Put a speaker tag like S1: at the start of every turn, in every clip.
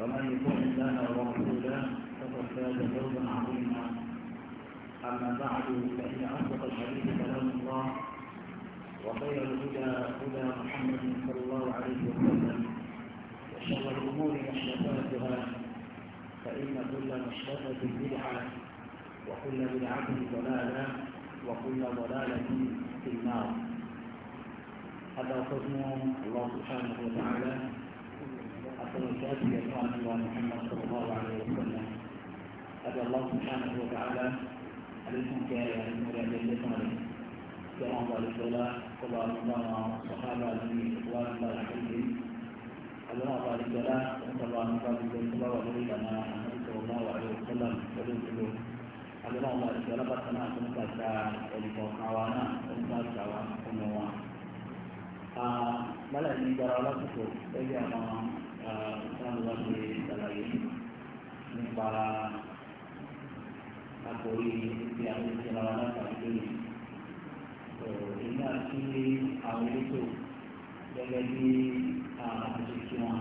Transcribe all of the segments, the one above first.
S1: ومن يطع الله ورسوله فقد فاز فوزا عظيما اما بعد فان اصدق الحديث كلام الله وخير الهدى هدى محمد صلى الله عليه وسلم وشر الامور محدثاتها فان كل محدثه بدعه وكل بدعه ضلاله وكل ضلاله في النار هذا حكم الله سبحانه وتعالى والصلاة والسلام على محمد صلى الله عليه وسلم أبي الله سبحانه وتعالى عليكم كاية المراجعة لكم كما قال الصلاة صلى الله عليه وصحابة النبي إخوان الله عليهم الله قال الصلاة صلى الله عليه وسلم صلى الله عليه وسلم صلى الله عليه وسلم ولو كله أبي الله قال الصلاة بطنا كنت أسعى ولفوقعوانا كنت أسعى وكنت أسعى ملأ من جرى لكم لجأ ìtàn wa ṣe ṣàlàyé nípa àkòrí ti àwọn ìṣẹ̀lẹ̀ wa látàgbé èyí àti àwọn elétò gẹ́gẹ́ bí àṣìṣe wọn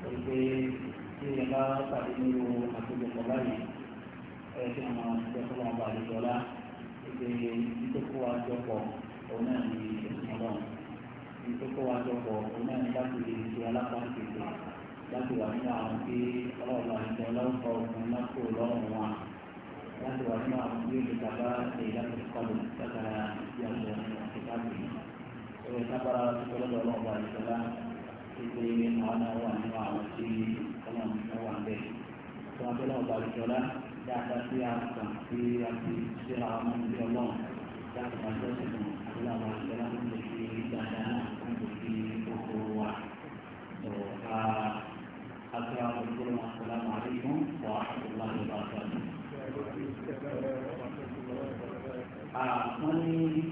S1: wọ́n pé tí ẹ bá pàdé nínú àkójọpọ̀ báyìí ẹ ti àwọn àṣìṣe wọn bá lè ìpè ìdókòwò àjọpọ̀ ìṣẹ̀lẹ̀ wọn ìkókó wa jọpọ̀ òun náà lè ṣe alápàṣẹ láti wà nínú àwọn tí ọlọ́ọ̀lá ìjọ lọ́kọ̀ ọ̀gbìn lọ́kọ̀ lọ́rùn wa láti wà nínú àwọn tí olùkọ́ bá ṣe láti kọlù látara ìdí ọ̀dọ̀ àti káàkiri. Ẹ̀rọ ìkábára ti kọ́ lọ́dọ̀ ọlọ́ọ̀lá àwọn náà wà nínú àwọn tí ọlọ́run wà bẹ́ẹ̀. Tó wá bẹ́ẹ̀ ọ̀gbà ìjọba dáadáa sí àkàn sí àti síra ọmọ ìjọba dáadáa السلام عليكم السلام عليكم ورحمة الله وبركاته أعطني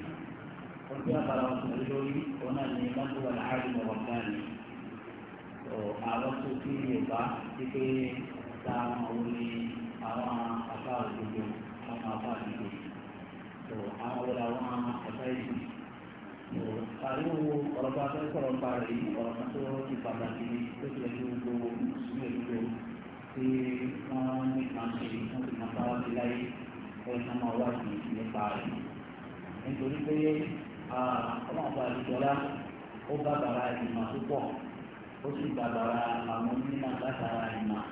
S1: قلت يا قرارة الجوي هنا الإمام هو العالم والثاني أعرفت في يوبا تكي سام أولي أرى أفعال الجوي أما أفعال الجوي أما أولا أما أفعال الجوي àríwò ọ̀rọ̀pá tó sọ̀rọ̀ pa rẹ̀ yìí ọ̀rọ̀pá tó ti pàtàkì ní tó ti lẹ́tí gbogbo sílẹ̀ gbogbo tí wọ́n ní kàǹtì wọ́n ti kàǹtà wá sí láyé ẹ̀ka máa wá sí nípa rẹ̀. nítorí pé ọlọ́ọ̀pá àdìjọ́lá ó bá bàrà ìmọ̀ púpọ̀ ó sì bá bàrà àwọn onímọ̀ látara ìmọ̀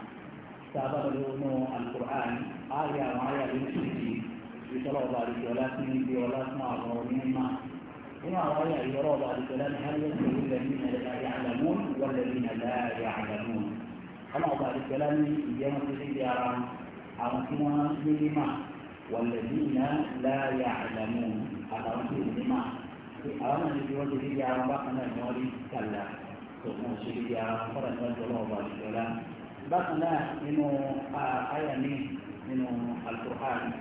S1: tá a bá lọ nínú alukur'an á rí àwọn ayé àdéhùn sí ìtọ́lọ́ọ̀pá àdìjọ́lá sí ibi ọlá fún àwọn onímọ̀ هنا رأي الإرادة على الكلام هل
S2: يستوي الذين لا يعلمون والذين لا يعلمون أنا أضع الكلام جامعة سيدي أرام أرسلنا لما والذين
S1: لا يعلمون أرسل لما أرام الجوال سيدي أرام بقنا المولي كلا سبحان سيدي أرام فرد الله على الكلام بقنا
S2: منه آية منه القرآن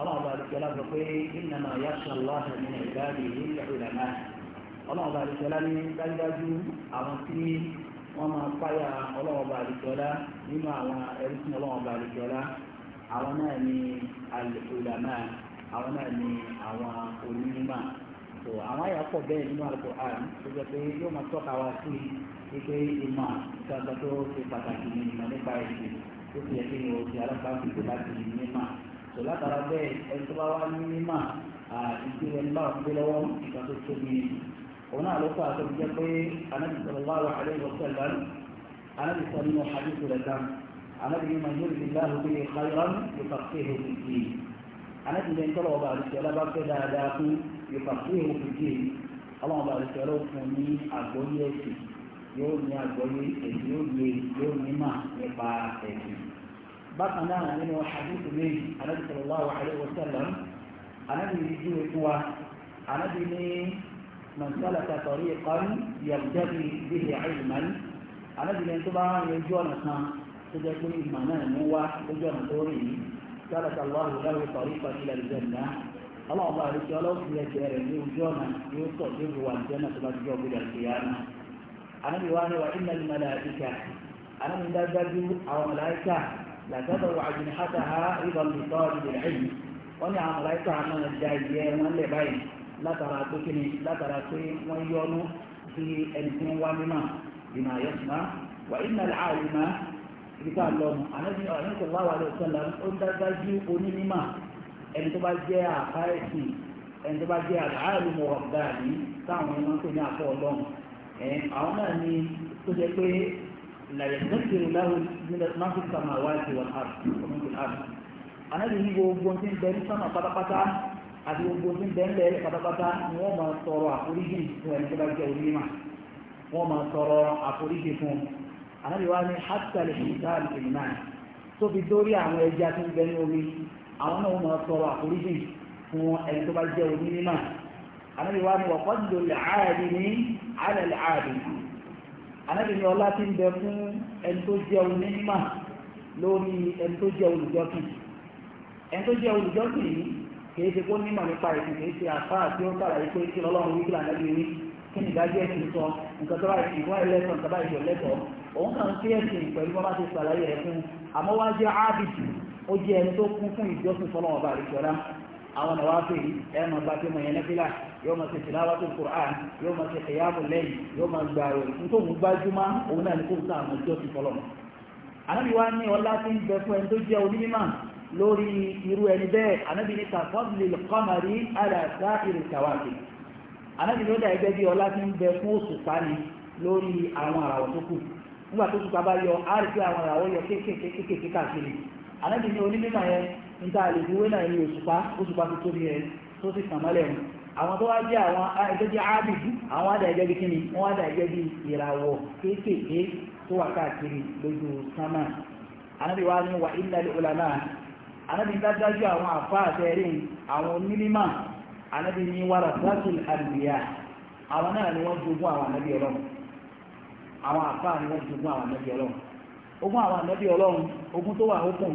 S2: ọlọ́run bá alùpùpù ọlá sọ pé innama yakhsha Allaha min ibadihi al-ulama ọlọ́run bá alùpùpù ọlá ní dájúdájú àwọn tí wọ́n máa páyà ọlọ́run bá alùpùpù ọlá nínú àwọn ẹrú sí ọlọ́run bá alùpùpù ọlá àwọn náà ní al-ulama àwọn náà ní àwọn onímọ̀ tó àwọn àyà pọ̀ bẹ́ẹ̀ nínú Al-Qur'an tó jẹ́ pé yóò máa tọ́ka wá sí ike ìmọ̀ ìgbàgbọ́ tó ṣe pàtàkì ní nípa ẹ̀sìn tó ti yẹ kí ni o ti alábàápìtì láti ní mímọ̀ tó látara bẹ́ẹ̀ ẹni tó bá wá ní mímà ìdí ẹni bá gbé lọ́wọ́ ìgbà tó tóbi ni òun náà ló fà tó jẹ́ pé anábì sallallahu alaihi wa sallam anábì sọ nínú hadith rẹ̀ kan anábì ní man yuridillahu bihi khayran yufaqqihhu fid-din anábì ní ẹni ọba àdìsẹ́ ọlá fẹ́ dáadáa fún yufaqqihhu fid-din ọlọ́run ọba àdìsẹ́ ọlọ́ fún ní
S1: àgbọ́yé ẹ̀sìn yóò ní àgbọ́yé ẹ̀sìn yóò ní
S2: bákan náà nínú hadith méjì anábì sallallahu alaihi wa sallam anábì ní ìjú ikú wa anábì ní mọ̀sálàkà tọ̀rí ìkọ́ni yàgbẹ́bí bíi àìlùmọ́ni anábì ní tó bá ń yọjú ọ̀nà kan tó jẹ́ pé ìmọ̀ náà mú wá lójú ọ̀nà tó rí yìí sálàkà lọ́rùn lẹ́rù tọ̀rí làtọ́tọ̀ wà jùlọ ha ìbọn lùtọ́ ìbìlẹ̀ ẹ̀yìn wọ́n ní àwọn aláìsọ àmọ́ ẹja ìyẹ́ wọn lẹ̀ báyìí látara pé kí ni látara pé wọ́n yọnu sí ẹni tí wọ́n wá mímọ́ ìmọ̀ àyẹ̀sùmá na ìmọ̀lẹ̀ àwìmá ìgbà lọ́nu àlejò àyẹ̀sọ̀ wà wà lọ́sọ̀lá ó ń la yẹ̀dẹ́sẹ̀ láwọn máa fi sàmà wá sí wọn àrùn anábì ní gbogbo tí ń bẹ ní sàmà pátápátá àti gbogbo tí ń bẹ ńlẹ̀ pátápátá ni wọ́n máa tọrọ àforíjì fún ẹni tó bá jẹ́ orí mà wọ́n máa tọrọ àforíjì fún anábì wá ní hátàlì ìdáàlì ìmìnà tó fi dórí àwọn ẹja tó ń bẹ ní omi àwọn náà wọ́n máa tọrọ àforíjì fún ẹni tó bá jẹ́ orí mà anábì wá ní anábì ní ọlá tí ń bẹ fún ẹni tó jẹ́ onímọ̀ lórí ẹni tó jẹ́ olùjọ́sìn ẹni tó jẹ́ olùjọ́sìn yìí kìí ṣe kó nímọ̀ nípa ẹ̀sìn kìí ṣe àfáà tí ó ń kàlàyé pé kí lọ́lọ́run wí kí lànàbí wí kí ni ìdájọ́ ẹ̀sìn sọ nǹkan tó bá ẹ̀sìn ìwọ́n ẹlẹ́sàn tó bá ìjọ lẹ́tọ̀ọ́ òun kàn ń sí ẹ̀sìn pẹ̀lú bá bá ti ṣàlàyé rẹ̀ fún àmọ́ ábìtì ó jẹ́ ẹni tó kún fún ìjọsìn fọlọ́wọ́ àwọn nàwáfẹ́ yìí ẹ máa bá tí mo yẹn nẹ́fílà yóò máa ṣe tìláwàtò Qur'an yóò máa ṣe kìyàmù lẹ́yìn yóò máa gbà rẹ̀ nítorí òun gbájúmọ́ òun náà ní kó sáà mọ̀ jọ́ ti fọlọ́ anábì wá ní ọlá tí ń bẹ fún ẹni tó jẹ́ onímọ̀ lórí irú ẹni bẹ́ẹ̀ anábì ní kàfọ́ọ̀lì kọ́mọ̀rí àdàtà ìrìkàwáàkì anábì ló dà ẹgbẹ́ bí ọlá tí ń bẹ fún òṣùpá ni lórí àwọn àràwọ̀ tó kù nígbà tó ṣùpá bá yọ á rí pé àwọn àràwọ̀ yọ kéékèèké káàkiri anábì ní onímọ̀ yẹn níta lè fi náà ní òṣùpá òṣùpá tó tóbi rẹ̀ tó sì kàn mọ́lẹ̀ wọn àwọn tó wá jẹ́ àwọn ẹgbẹ́ jẹ́ ábìdú àwọn àdá ẹgbẹ́ bí kíni wọ́n àdá ẹgbẹ́ bí ìràwọ̀ kéékèèké tó wà káàkiri lójú sánmà anábì wá ní wà ilẹ̀ olàmà anábì dájú àwọn àfá àwọn anábì ní wàrà àwọn náà ni wọ́n jogún àwọn anábì ọlọ́run àwọn àfá ni wọ́n jogún àwọn anábì ọlọ́run àwọn anábì ọlọ́run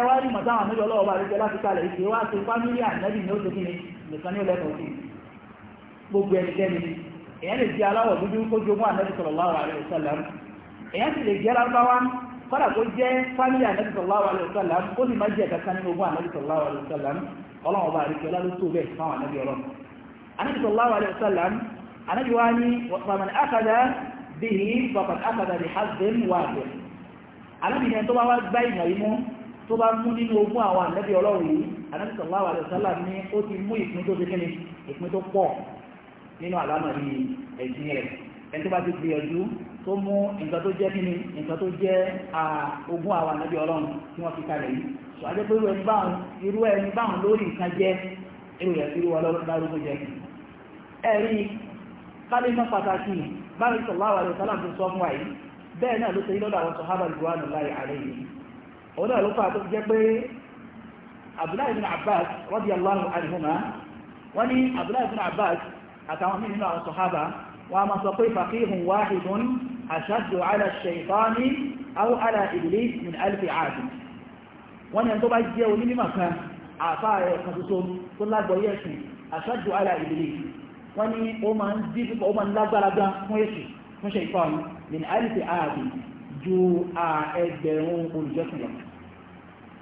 S2: ẹwà rí mọ̀tá àwọn mẹ́jọ lọ́wọ́ bá rí láti kalẹ̀ ìṣe wá sí fámílì ànẹ́bì ní oṣù kìíní nìkan ní ọlẹ́kọ̀ọ́ sí gbogbo ẹnikẹ́ni ni èyàn lè jẹ́ aláwọ̀ dúdú kó jogún ànẹ́bì sallallahu alaihi wasallam èyàn sì lè jẹ́ lárúbáwá kọ́dà kó jẹ́ fámílì ànẹ́bì sallallahu alaihi wasallam ó sì má jẹ́ kankan nínú ogún ànẹ́bì sallallahu alaihi wasallam ọlọ́wọ́ bá rí kẹlá ló tó bẹ́ẹ̀ fáwọn ànẹ́bì ọlọ́ ànẹ́bì sallallahu alaihi wasallam ànẹ́bì tó bá mú nínú ogún àwọn ànábì ọlọ́run yìí ànábì sallallahu alaihi wasallam ní ó ti mú ìpín tó ti kíni ìpín tó pọ̀ nínú àlámà ní ẹ̀sìn rẹ̀ ẹni tó bá ti gbìyànjú tó mú nǹkan tó jẹ́ kíni nǹkan tó jẹ́ ogún àwọn ànábì ọlọ́run tí wọ́n fi kalẹ̀ yìí sọ adé pé irú ẹni báwọn lórí nǹkan jẹ́ irú rẹ̀ irú ọlọ́run bá rúgbó jẹ́ ẹ̀rí kálímọ̀ pàtàkì bá alaihi òun náà ló fà tó jẹ́ pé abdullahi ibn abbas radiyallahu anhuma wọ́n ní abdullahi ibn abbas àtàwọn mí nínú àwọn sọ̀hábà wọ́n a máa sọ pé faqihun wahidun ashaddu ala shaytani aw ala iblis min alfi aadi wọ́n ní ẹni tó bá jẹ́ onímọ̀ kan àfáà rẹ̀ kan tuntun tó lágbọ̀ọ́yé ẹ̀sìn ó máa ń dí púpọ̀ ó máa ń lágbára fún èsì fún ṣe ìfọ́n ní àìsí ààbì ju ẹgbẹ̀rún olùjọ́sìn lọ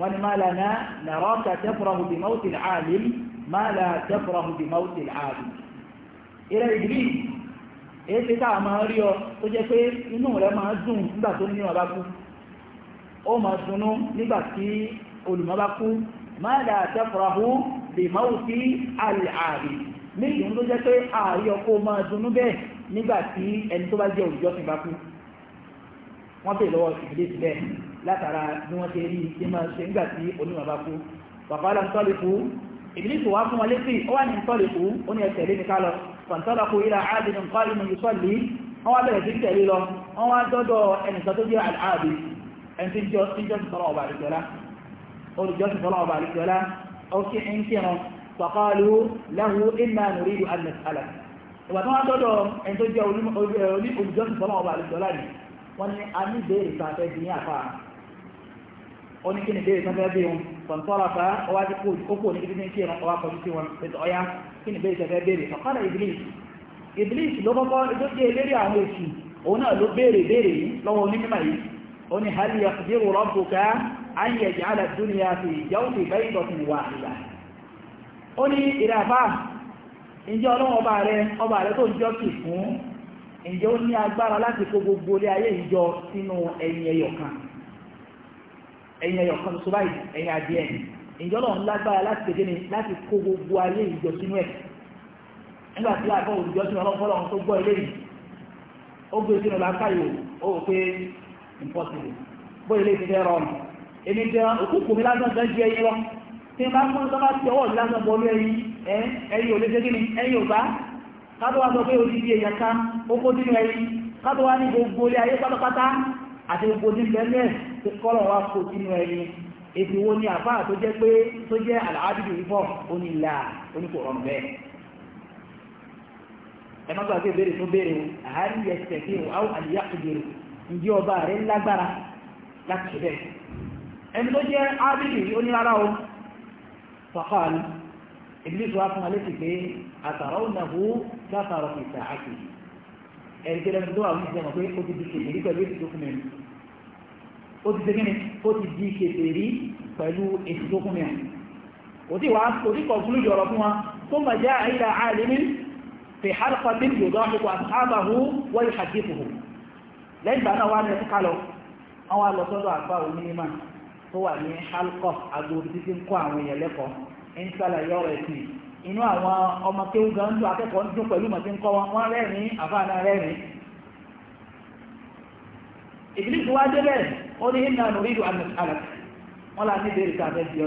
S2: wọ́n ni máa lànà nàrọ́kà tẹ́fọ́rọ̀hù bí mọ́tì àlìm máa là tẹ́fọ́rọ̀hù bí mọ́tì àlìm ilẹ̀ ìdílé èyí táà máa rí ọ tó jẹ́ pé inú rẹ̀ máa dùn nígbà tó ní ọba kú ó máa dunnú nígbà tí olùmọ́ kú máa là tẹ́fọ́rọ̀hù bí mọ́tì àlìm nígbà tó jẹ́ pé ààrí ọkọ̀ máa dunnú bẹ́ẹ̀ nígbà tí ẹni tó bá jẹ́ olùjọ́sìn bá kú wọ́n bèèrè lọ́wọ́ ìdílé sílẹ̀ látara bí wọ́n ṣe rí ṣe máa ṣe nígbà tí onímọ̀ bá kú bàbá lọ tọ́lé kú ìdílé sì wá fún wọn létí ó wà ní tọ́lé kú ó ní ẹsẹ̀ lémi ká lọ fàǹtọ́lọ́ kú ilà áàdìní nǹkan inú ìsọ̀lì wọ́n wá bẹ̀rẹ̀ sí tẹ̀lé lọ wọ́n wá dọ́dọ̀ ẹnìkan tó jẹ́ àdì ẹni tí jọ́sìn tọ́lọ́ ọba àdìsọ́lá olùjọ́sìn tọ́lọ́ ọba àdìsọ́lá wọ́n ní a ní ìbéèrè kan bí ní bebe ó ní kí ni ìbéèrè kan bí wọn tọ̀ntọ́ra fa ní sí wọn pẹ̀tọ̀ ọya kí ni ìbéèrè kan fẹ́ béèrè Iblis Iblis ló kọ́kọ́ ló jẹ́ eléré àwọn èsì òun náà ló yìí lọ́wọ́ onímọ̀ yìí ó ní hali ǹjẹ́ ó ní agbára láti kó gbogbo orí ayé ìjọ sínú ẹ̀yìn ẹyọ̀kan ẹ̀yìn ẹyọ̀kan tó báyìí ẹ̀yìn adìẹ ǹjẹ́ ọlọ́run lágbára láti kéde ni láti kó gbogbo ayé ìjọ sínú ẹ̀ nígbà tí a gbọ́ olùjọ sínú ọlọ́run tó gbọ́ ilé yìí ó gbé sínú làákàyò ó rò pé impossible bó ilé ti fẹ́ rọrùn èmi jẹ òkúkú mi lásán fẹ́ ju ẹyin lọ tí n bá fún ọ kádọ́wà sọ pé odidi èyàn kan ó kó dínú ẹ̀rí kádọ́wà ní gbogbo ilé ayé pátápátá àti gbogbo ní bẹ́ẹ̀ tó kọ́lọ̀ wá kó dínú ẹ̀rí èsì wo ni àfáà tó jẹ́ pé tó jẹ́ àlàábìdì rífọ́ onílà oníkò rọrùn bẹ́ẹ̀ ẹ má gbàgbé ìbéèrè tó béèrè o àárín yẹ tẹ̀sí o àwọn àlìyá ìbéèrè ǹjẹ́ ọba rẹ̀ lágbára láti ṣe bẹ́ẹ̀ ẹni tó jẹ́ ìbílísù wa fún wa létí pé àtàrà ó nàbó káfàrọ̀ ìta àti ẹ̀ríkẹ́ lẹ́nu tó wà wí sí ẹ̀mọ̀ pé ó ti di kèfèrí pẹ̀lú èsì tó fún mi ó ti dégé ni ó ti di kèfèrí pẹ̀lú èsì tó fún mi kò sí wàá kò sí fún wa tó mà já àyíká àlẹ́mí fi hálfà tí yóò dán ipò àtàbàhù wọ́n ìhàkífòhò lẹ́yìn ìgbà náà wá ní ẹ̀kú ń sàlàyé ọ̀rọ̀ ẹ̀sìn inú àwọn ọmọ kéwú gan ń lo akẹ́kọ̀ọ́ ń dún pẹ̀lú màtí ń kọ́ wọn wọ́n rẹ́rìn àfáàná rẹ́rìn ìbílí tí wáá débẹ̀ ó ní ìnà nùrídù àlàk wọn là ní bèrè káfẹ́ bí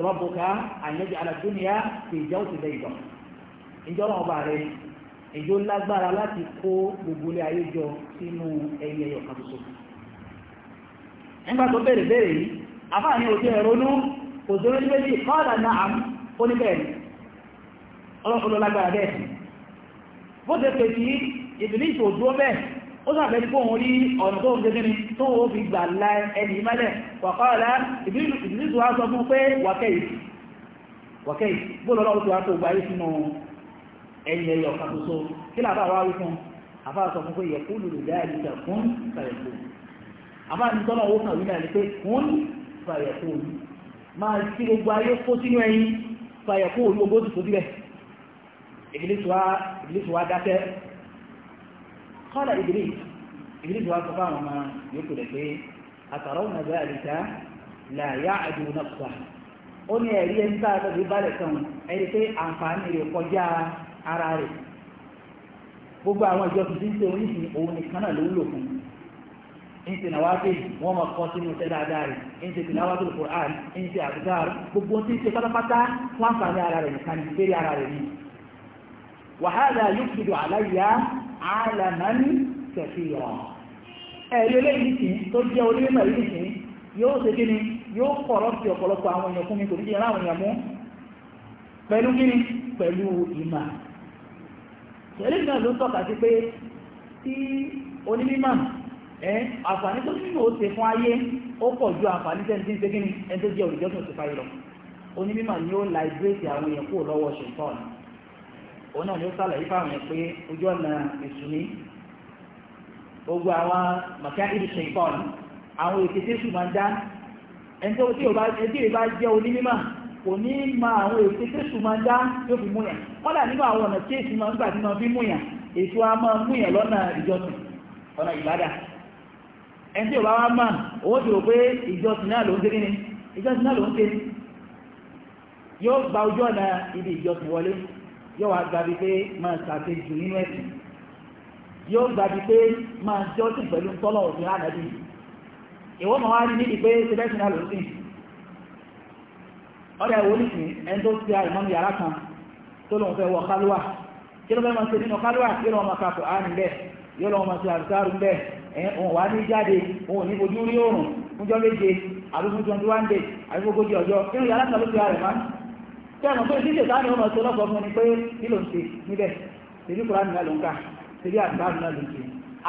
S2: ọ ربك أن يجعل الدنيا في جوف بيضاء إن جرى بعدين èjò lágbára láti kó gbogbo ilé ayé jọ sínú ẹyẹ ẹyọ kan ṣoṣo nígbà tó bẹ̀rẹ̀ bẹ̀rẹ̀ yìí afáà ní òjò ẹ̀rọnú kò sí orí méjì kọ́ọ̀dà náà àmú ó ní bẹ́ẹ̀ ọlọ́pọ̀lọ́ lágbára bẹ́ẹ̀ sí fi ẹ̀yìn ẹ̀yọ̀ kan soso kí làbá wá wí fún àbá sọ fún pé yẹ kúlù lùdá ìdíjà fún fàyẹ̀kù ni pé fún fàyẹ̀kù máa sí gbogbo ayé kó sínú ẹyin fàyẹ̀kù olóògbó ti tó díbẹ̀ ìbílísù wa dákẹ́ kọ́lá ìbílísù wa sọ fáwọn ọmọ yòókù rẹ̀ pé àtàrọ̀ ọ̀nà bẹ́ẹ̀ àdìsá là yá àdìmú náà ó ní ẹ̀rí ẹni tá a lọ sí balẹ̀ kan ẹni pé àǹfààní rẹ̀ kọjá ara rẹ̀ gbogbo àwọn ìjọsìn tí ń ṣe oníṣìí òun nìkan náà ló ń lò fún ń ṣe nàwáfẹ́ wọ́n máa kọ́ sínú iṣẹ́ dáadáa rẹ̀ ń ṣe ṣe gbogbo tí ń ṣe pátápátá fún àǹfààní ara rẹ̀ nìkan ní ara rẹ̀ ni wàhálà yóò fi dùn àláyà àlàmánì kẹfìyàn ẹ̀rí eléyìí kì í tó jẹ́ onímọ̀ yìí yóò ṣe kí ni yóò kọ̀rọ̀ sí eléyìí náà ló ń tọ́ka sí pé tí onímọ̀ ẹ̀ àǹfààní tó nínú ó ṣe fún ayé ó pọ̀ ju àǹfààní tẹ́ni tí ń ṣe kí ni ẹni tó jẹ́ olùjọ́sìn òṣèpá yìí lọ onímọ̀ ni ó láìbírèsì àwọn èèyàn kúrò lọ́wọ́ ṣèǹtọ́n òun náà ni ó sàlàyé fáwọn èèyàn pé ojú ọ̀nà ìsúní gbogbo àwọn màkà ìlú ṣèǹtọ́n àwọn èkìtì sùn máa ń dá ẹni tó tí ò bá jẹ́ onímọ̀ kò ní ma àwọn èsì tẹ́sù máa dá yóò fi múyàn kọ́dà nínú àwọn ọ̀nà tí èsì máa ń gbà tí máa fi múyàn èsì wa máa múyàn lọ́nà ìjọsìn ọ̀nà ìbádà ẹni tí ò bá wá mà owó ti rò pé ìjọsìn náà ló ń tẹ́lẹ̀ ìjọsìn náà ló ń tẹ́lẹ̀ yóò gba ojú ọ̀nà ibi ìjọsìn wọlé yóò wá gba pé máa ṣàṣe jù nínú ẹ̀sìn yóò pé máa jọ́sìn pẹ̀lú tọ́lọ̀ òfin ọ̀rẹ́ ẹ̀wọ̀ ní sìn ẹni tó ti àìmọ́ ní yàrá kan tó lóun fẹ́ wọ kálúwà kí ló fẹ́ máa ṣe nínú kálúwà kí ló máa kakọ̀ á níbẹ̀ yóò lọ́wọ́ máa ṣe àrùsáàrù bẹ́ẹ̀ ẹ̀ òun wà ní jáde òun ní ojú rí òrùn fúnjọ́ méje àbí fún twenty one days àbí ogójì ọjọ́ nínú yàrá kan ló fi àrẹ̀ máa ń tẹ́ẹ̀mọ̀ pé ìdíje sáà ni wọ́n máa ṣe ọlọ́pàá fún ni pé kí ló ń ṣe níbẹ̀ tèmi kura nìyà ló ń kà tèmi àrùsáàrù náà ló ń ṣe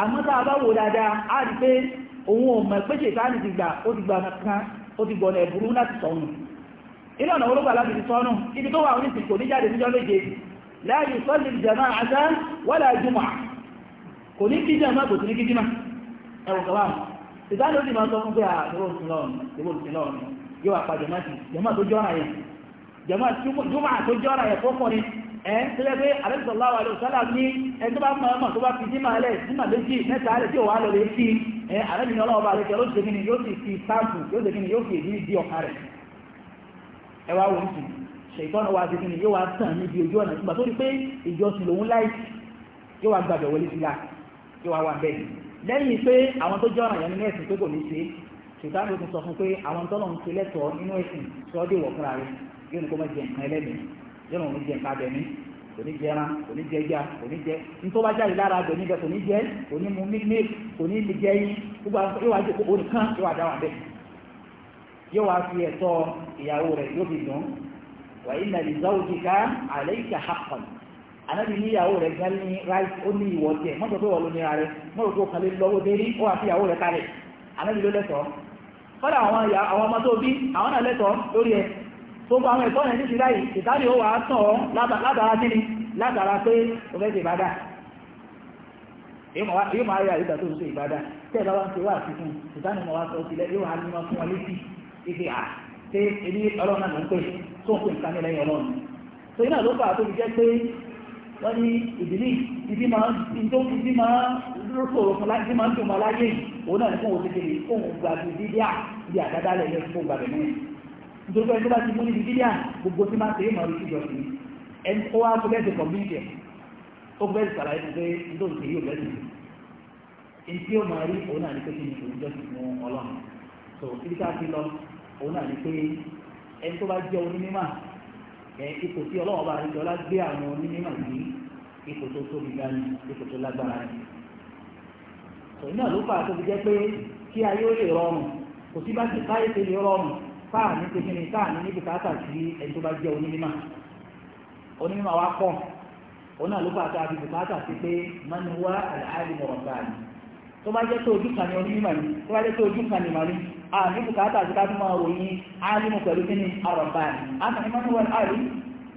S2: àmọ́ tá a bá wò dáadáa á rí pé òun ò mọ̀ pé ṣètáàni ti gbà ó ti gbà kan ó ti gbọ̀nà ẹ̀bùrú láti sọ̀nù ilé ọ̀nà olóògbà láti ti sọ́nù ibi tó wà ní ti kò ní jáde níjọ́ méje láàrin sọ́lì jama àtà wọ́lá jùmọ̀ kò ní kí jama kò sí ní kí jímá ẹwọ̀n kọwàá ìdájọ́ ti máa sọ fún pé àtọwọ́sùnlọ́ọ̀nù ah, yóò àpá jama ti jama tó jọ́ra yẹ jama jùmọ̀ tó jọ́ra yẹ fọ́fọ́ ni ẹ̀ tó yẹ pé alẹ́sọ̀láwà lọ sálà ní ẹ tó bá mọ̀ tó bá fi jímà alẹ́ jímà méjì mẹ́ta alẹ́ tí ò wá lọ lè fi ẹ̀ alẹ́bìnrin ọlọ́ọ̀bà alẹ́kẹ́ ló ṣe kí ni yóò sì fi sáàpù yóò ṣe kí ni yóò fi èdè di ọ̀ka rẹ̀ ẹwà wọn sì ṣètọ́nà wa ti kíni yóò wá tàn níbi ojú ọ̀nà ìgbà tó di pé ìjọsìn lòun láì yóò wá gbàgbẹ̀ wọlé sí la yóò wá wà bẹ́ẹ̀ lẹ́yìn pé àwọn tó jẹ́ ọ̀nà yẹn nínú ẹ̀sìn pé kò ní ṣe ṣètọ́nà ló ti sọ fún pé àwọn tọ́lọ̀ ń ṣe lẹ́tọ̀ọ́ nínú ẹ̀sìn tí wọ́n dé wọ̀ fúnra rẹ̀ yóò ní kó má jẹ nǹkan ẹlẹ́mìí yóò ní kó má jẹ nǹkan abẹ̀mí kò ní jẹ ẹran kò ní jẹ ẹja kò ní jẹ nítorí wọ́n jáde lára kò ní jẹ kò ní jẹ kò ní mu mímí kò ní jẹ yín gbogbo àwọn yóò wá jẹ kó o yóò wá fi ẹ̀tọ́ ìyàwó rẹ̀ yóò fi dùn wà ní nàìjíríà zawjika alayka haqqan anábì ní ìyàwó rẹ̀ gan ní right ó ní ìwọ tiẹ̀ mọ́tò tó wọ̀ ló ní ara mọ́tò tó kàlẹ́ lọ́wọ́ dérí ó wà fi ìyàwó rẹ̀ kalẹ̀ anábì ló lẹ́tọ̀ọ́ kọ́dà àwọn ọmọ tó bí àwọn náà lẹ́tọ̀ọ́ lórí ẹ̀ tó gba àwọn ẹ̀tọ́ rẹ̀ ní ti láyìí ìtàdí ó wà á tàn ọ́ látara kíni látara pé o fẹ́ ṣe ìbádà yóò máa rí ife à ah, ṣé èmi ọlọ́run náà ló ń pè tó ń pè nǹkan ní lẹ́yìn ọlọ́run so iná ló fà á tó fi jẹ́ pé wọ́n ní ìdílé ìdí máa ń tó ìdí máa ń rúkòrò fún láti máa ń dùn máa láyé òun náà ní fún òun kékeré fún òun gba ti dídí à bí àdáda lẹ̀ yẹ fún gbàgbẹ́ mẹ́rin nítorí pé ẹni tó bá ti mú níbi dídí à gbogbo tí máa ń tẹ̀lé máa rí síjọ sí ẹni ó wá tó bẹ́ẹ̀ ó bẹ́ẹ̀ sàlàyé fún pé nítorí tèyí ò bẹ́ẹ̀ ti ẹni tí ó máa rí òun náà ní kékeré ní òun jọ́ sí fún ọlọ́run so ibi ká ti lọ òun náà ni pé ẹni tó bá jẹ́ onímọ̀ ẹ ipò tí ọlọ́wọ́ bá rẹ̀ ọlá gbé àwọn onímọ̀ sí ipò tó tóbi gan ipò tó lágbára rẹ̀ òun náà ló fà tó fi jẹ́ pé kí ayé ó lè rọrùn kò sí bá ti káyé tó lè rọrùn táà ní kíni táà níbi káàtà sí ẹni tó bá jẹ́ onímọ̀ onímọ̀ wa pọ̀ òun náà ló fà tó a bùkátà sí pé mọ́ni wá àlàáyé mọ̀rọ̀ báyìí tó bá jẹ́ tó ojú kan ní onímọ̀ ní tó bá jẹ́ tó ojú kan ní màrí a ní bùkátà àti ká tó máa ròyìn áàlìmù pẹ̀lú kí ni àrọ̀bá ni a kàn ní mọ́ níwọ̀n àrí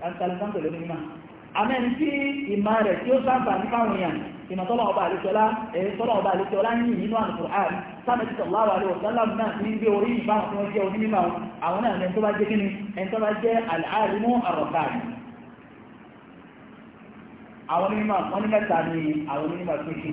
S2: àtàlùsán pẹ̀lú onímọ̀ amẹ́ni tí ìmọ̀ rẹ̀ tí ó sáǹfà ní fáwọn èèyàn ìmọ̀ tọ́lọ̀ ọba àlùsọ́lá èyí tọ́lọ̀ ọba àlùsọ́lá ní nínú al àwọn al-alimu ar-rabbani àwọn onímọ̀ wọn ní mẹ́ta ni àwọn onímọ̀ tó ṣe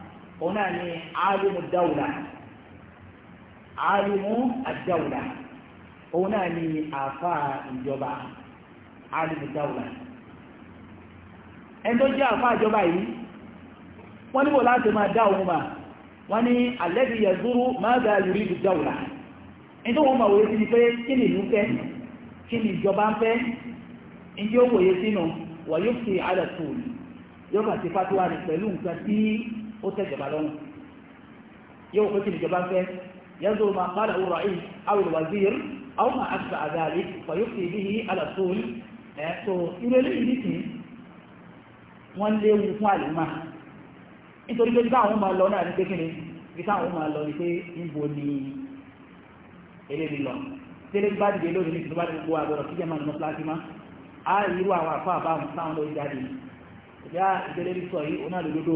S2: òun náà ni alimu dawla alimu adawla òun náà ni àfa ìjọba alimu dawla ẹni tó jẹ́ àfa ìjọba yìí wọ́n níbò láti máa dá òun mà wọ́n ní alẹ́bí yẹ̀dúrú mága yìí bí dawla ẹni tó wọ́n máa wòye sí ni pé kí ni ìlú fẹ́ kí ni ìjọba ń fẹ́ ìdí ó wòye sínú wọ̀nyí fi alẹ́ tòun yóò kà sí fatuwa pẹ̀lú nǹkan tí ó tẹ́ ìjọba lọ́rùn yóò pé kí ìjọba fẹ́ yanzu ma qala ar-ra'i aw al-wazir aw ma ashba'a dhalik fa yufti bihi ala as-sul ẹ̀ tó irú eléyìí nìkì wọ́n léwu fún àlùmá nítorí pé báwọn máa lọ náà ní pé kíni bí táwọn máa lọ ní pé níbo ni eléyìí lọ tẹ́lẹ̀ bá dìde lónìí nítorí bá dìde gbogbo àgbọ̀rọ̀ kíjẹ́ máa nínú plasma a irú àwọn àfáà báwọn táwọn lórí jáde ìjá ìjẹ́lẹ́rí sọ yìí onáàlódódó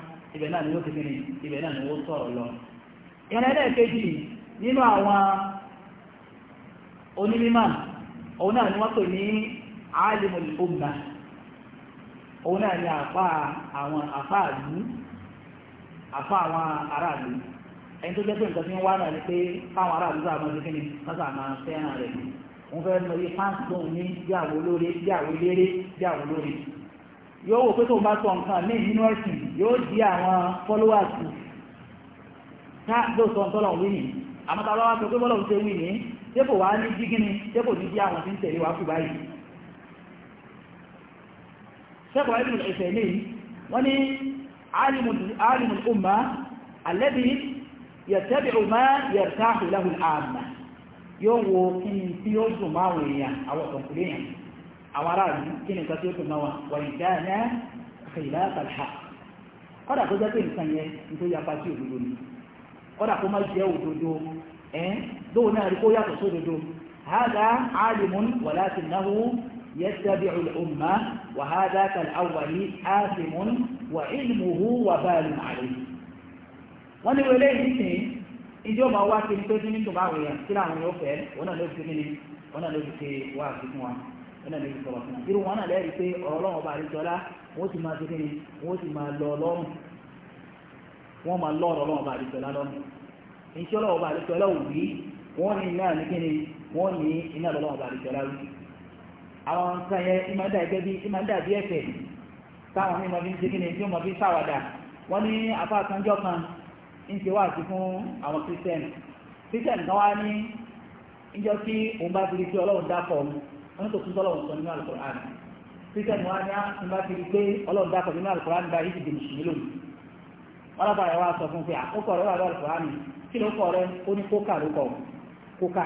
S2: ibẹ̀ náà ni ó ti kiri ibẹ̀ náà ni ó sọ̀rọ̀ lọ ìrẹ́lẹ̀ kejì nínú àwọn onímímà òun náà ni wọ́n pè ní alimul umma òun náà ni àpá àwọn àpá àlú àpá àwọn aráàlú ẹni tó jẹ́ pé nǹkan tí ń wá náà ni pé káwọn aráàlú sáà máa ń kíni sáà máa fẹ́ràn rẹ̀ ni òun fẹ́ mọ̀ fáǹsì tóun ní bí àwọn olóore bí àwọn olóore yóò wò pé tó ń bá sọ nǹkan ní nínú ẹ̀sìn yóò di àwọn followers ká ló sọ nǹkan lọ́wọ́ wíyìn àmọ́ tá a bá wá sọ pé bọ́lọ̀ ń ṣe wíyìn ní ṣé kò wá ní jí gíní ṣé kò ní jí àwọn tí ń tẹ̀lé wá kú báyìí ṣẹ́kọ̀ọ́ ẹ̀dùn ẹ̀sẹ̀ ní wọ́n ní alimul umma alladhi yẹ̀tẹ́bẹ̀ ma yartahu lahu al yóò wo kí ni tí ó dùn máa wọ̀nyà àwọn ọ̀tọ̀kùnrin àwọn aráàlú kí ni nǹkan tí ó tún náà wà ìdáná ìlà àtàlà kọ́dà tó jẹ́ pé nǹkan yẹn nítorí apá sí òdodo ni kọ́dà kó má jẹ́ òdodo ẹ́n lóun náà rí kó yàtọ̀ sódodo hada alimun walakinahu يتبع الأمة وهذا كالأول آثم وعلمه وبال عليه wọ́n ní wọlé yìí ní ìjọ máa wá sí ní pé kí ní tó bá wọ̀nyàn kí láwọn yóò fẹ́ wọn náà ló fi kí ni wọn náà ló fi ṣe wá sí fún wa ọ̀nà na sọ̀rọ̀ fún un irú wọn náà lẹ́rìí pé ọ̀rọ̀ ọlọ́run ọba àríjọlá wọ́n ti máa ṣẹ́kẹ́ni wọ́n ti máa lọ wọ́n máa lọ ọ̀rọ̀ ọlọ́run ọba àríjọlá lọ́rùn iṣẹ́ ọlọ́run wọ́n ní iná ní kíni wọ́n ní iná ọlọ́run ọba àríjọlá wí. àwọn nǹkan yẹn ìmọ̀ dà gẹ́gẹ́ bí ìmọ̀ dà bí ẹ̀fẹ̀ táwọn mímọ fi ń ṣe wọn tó kún sọ nínú wa ní àwọn ti rí pé ọlọ́run dákọ̀ nínú alukur'an bá yìí ti di mùsùlùmí lónìí ọlọ́ba rẹ̀ sọ fún pé àkókò rẹ̀ wà lọ́wọ́ alukur'an kí ló rẹ̀ ó ní kókà ló kókà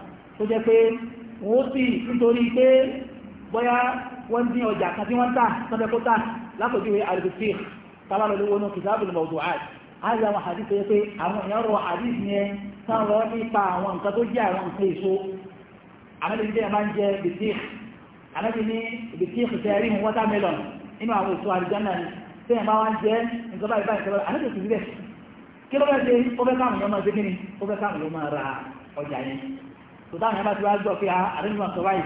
S2: tó jẹ́ pé wọ́n sì nítorí pé bóyá wọ́n ní ọjà kan tí wọ́n tà tọ́jẹ́ kó tà lápòjúwe àrùbùsí tábàlọ́lé wọnú kìtàbùlù mawdu'at àti àwọn àdí tó yẹ pé àwọn èèyàn rọ àdí yẹn tán rọ nípa àwọn nǹkan tó jẹ́ àwọn nǹkan èso àmẹ́lẹ́bí tẹ́yà máa ń jẹ bìtì àmẹ́bí ní bìtì ìfẹ́ rí mu watermelon nínú àwọn èso àrùjánà ni tẹ́yà máa ń jẹ nǹkan báyìí báyìí tẹ́lọ́ àmẹ́bí tó ti rí bẹ́ẹ̀ kí ló fẹ́ ni ọjà yẹn tó táwọn yẹn bá ti wá gbọ́ pé ah, àdéhùn àti wáyé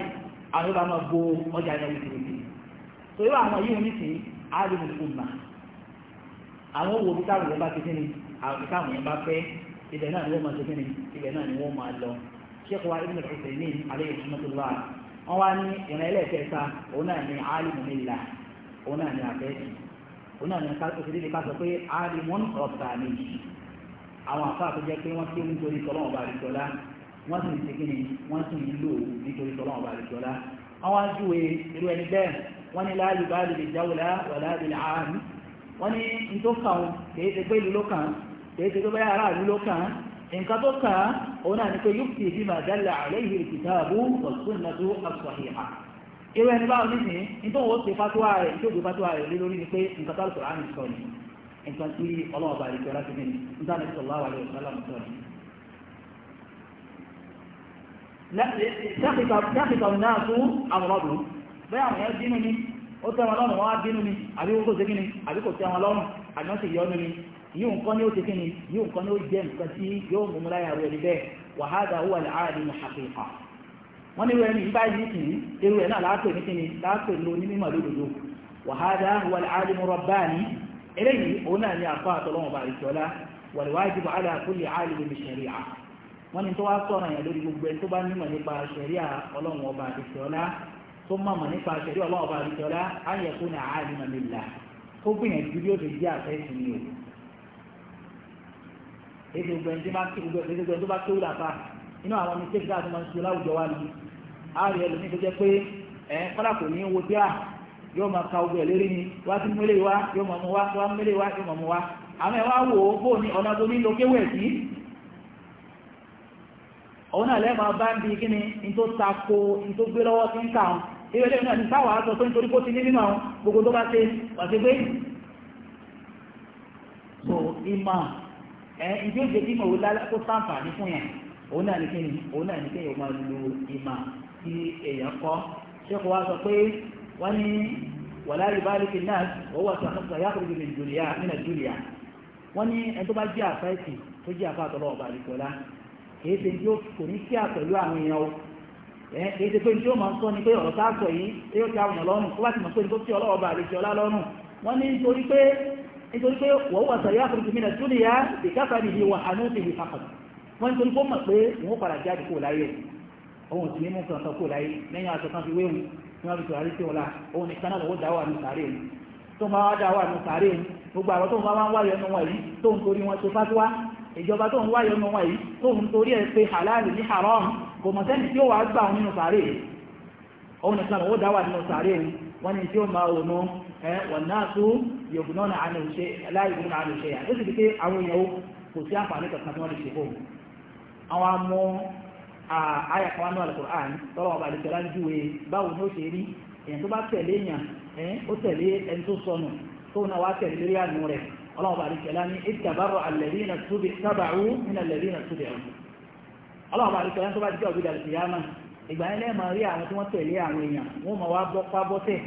S2: àwọn yóò bá máa bo ọjà yẹn wìtìwìtì tó yóò àwọn yìí ní sí àdéhùn tó mà àwọn owó bíi táwọn yẹn bá ti kíni àwọn bíi táwọn yẹn bá fẹ́ ibẹ̀ náà ni wọ́n máa ti kíni ibẹ̀ náà ni wọ́n máa lọ Sheikh wa Ibn al ní ìrìn ẹlẹ́ẹ̀kẹta òun náà ni alimun lillah òun náà ni àfẹ́sì òun ni òṣèlérí ká sọ pé alimun rabbani àwọn àfáà tó jẹ́ pé wọ́n ti ń torí tọ́lọ́wọ́n bá rí wọ́n sì ṣe kí ni wọ́n sì ń lò nítorí tọ́lọ́ ọba àlùjọ́lá àwọn ajúwe irú ẹni bẹ́ẹ̀ wọ́n ní láàyè bá lè jáwèlá wàlá àbílẹ̀ ààrùn wọ́n ní n tó kàn ọ́n kìí pé ìlú ló kàn kìí ṣe bẹ́ẹ̀ aráàlú ló kàn nǹkan tó kàn òun náà ni pé yóò fi bímọ àdálà àlẹ́yìn ìkìtàbù ọ̀sùnmọ́tò àṣọ̀hìhà irú ẹni báwo nísìnyí n tó wọ́n ṣe fatuwa rẹ̀ tó gbé fatuwa rẹ̀ lé lórí ni pé nǹkan tó àlùkò àmì sọ ni nǹkan tí ọlọ́wọ́ bá àlùkò aláṣẹ mi ní nǹkan tó àlùkò aláṣẹ mi ní sáfìtà náà fún àwọ̀lọ́dù bẹ́ẹ̀ àwọn èèyàn bínú ni ó tẹ́ wọn lọ́rùn wọ́n á bínú ni àbí ó kò sí kíni àbí kò tẹ́ wọn lọ́rùn àbí wọ́n sì yọ ọ́nù ni yíò nǹkan ni ó ti kíni yíò nǹkan ni ó jẹ́ nǹkan tí yóò mú láyà rẹ̀ ní bẹ́ẹ̀ wàhádà ó wà ní àádé ní àfihà wọ́n ní rẹ̀ ní ibà yìí kìí irú wọ́n ní tó wá sọ̀rọ̀ yẹn lórí gbogbo ẹni tó bá nímọ̀ nípa ṣẹ̀ríà ọlọ́run ọba àdìsọ́lá tó mọ̀mọ̀ nípa ṣẹ̀ríà ọlọ́run ọba àdìsọ́lá ayẹ̀ kó ní àádìmọ̀ nílà tó gbìyànjú bí ó ti jẹ́ àfẹ́sì o. èdè gbogbo ẹni tó bá kéwù inú àwọn ní láwùjọ wa ni ẹlòmíín tó òun náà lẹ́mọ̀ bá ń bí kí ni in tó tako in tó gbé lọ́wọ́ tí ń kà ọ́n ìwé lẹ́yìn náà ni táwà á sọ pé nítorí kó ti ní nínú àwọn gbogbo tó bá ṣe pàṣẹ pé so ìmọ̀ ẹ̀ ìdí òjò tí mo lá kó sáǹfà ní fún yẹn òun náà ni kí ni ni kí èèyàn máa lu ìmọ̀ tí èèyàn kọ́ ṣé kò wá sọ pé wọ́n ní wàlá rí báyìí kí náà ó wà sọ àkọsọ yá kìí ṣe tí ó kò ní kíá pẹ̀lú àwọn èèyàn o kìí ṣe pé tí ó máa ń sọ ni pé ọ̀rọ̀ tá a sọ yìí tí ó ti àwọn èèyàn lọ́rùn tó bá ti mọ̀ pé tó ti ọlọ́wọ́ bá àlejò ọlá lọ́rùn wọ́n ní nítorí pé nítorí pé wọ́n wà sàrí àfúrúkú mi náà túnìyà ìkáfà nìyí wà hànú ti fi fàkàn wọ́n nítorí pé ó mọ̀ pé òun padà jáde kó láyé òun sì ní mú kan kó láyé lẹ́yìn ìjọba tó ń wáyé ọmọ wọn yìí tó ń torí ẹ̀ pé halal ní haram kò mọ̀ sẹ́ni tí ó wà gbà nínú sàárè òun nìkan owó dáwà nínú sàárè wọn ni tí ó máa ònú ẹ wọ̀n náà tó yògùn náà àánú ṣe aláìgùn náà àánú ṣe yà lóṣù pé àwọn èèyàn kò sí àǹfààní kankan tí wọ́n lè ọlọ́run bá rí kẹlá ní ìtàbárò alẹ́dínà tóbi sábàáwú nínú alẹ́dínà tóbi ọ̀hún ọlọ́run bá rí kẹlá tó bá jẹ́ ọ̀gbẹ́dà lè fìyà máa ìgbà yẹn lẹ́ẹ̀mọ̀ rí àwọn tí wọ́n tẹ̀lé àwọn èèyàn wọ́n mọ̀ wá bọ́ pa bọ́tẹ̀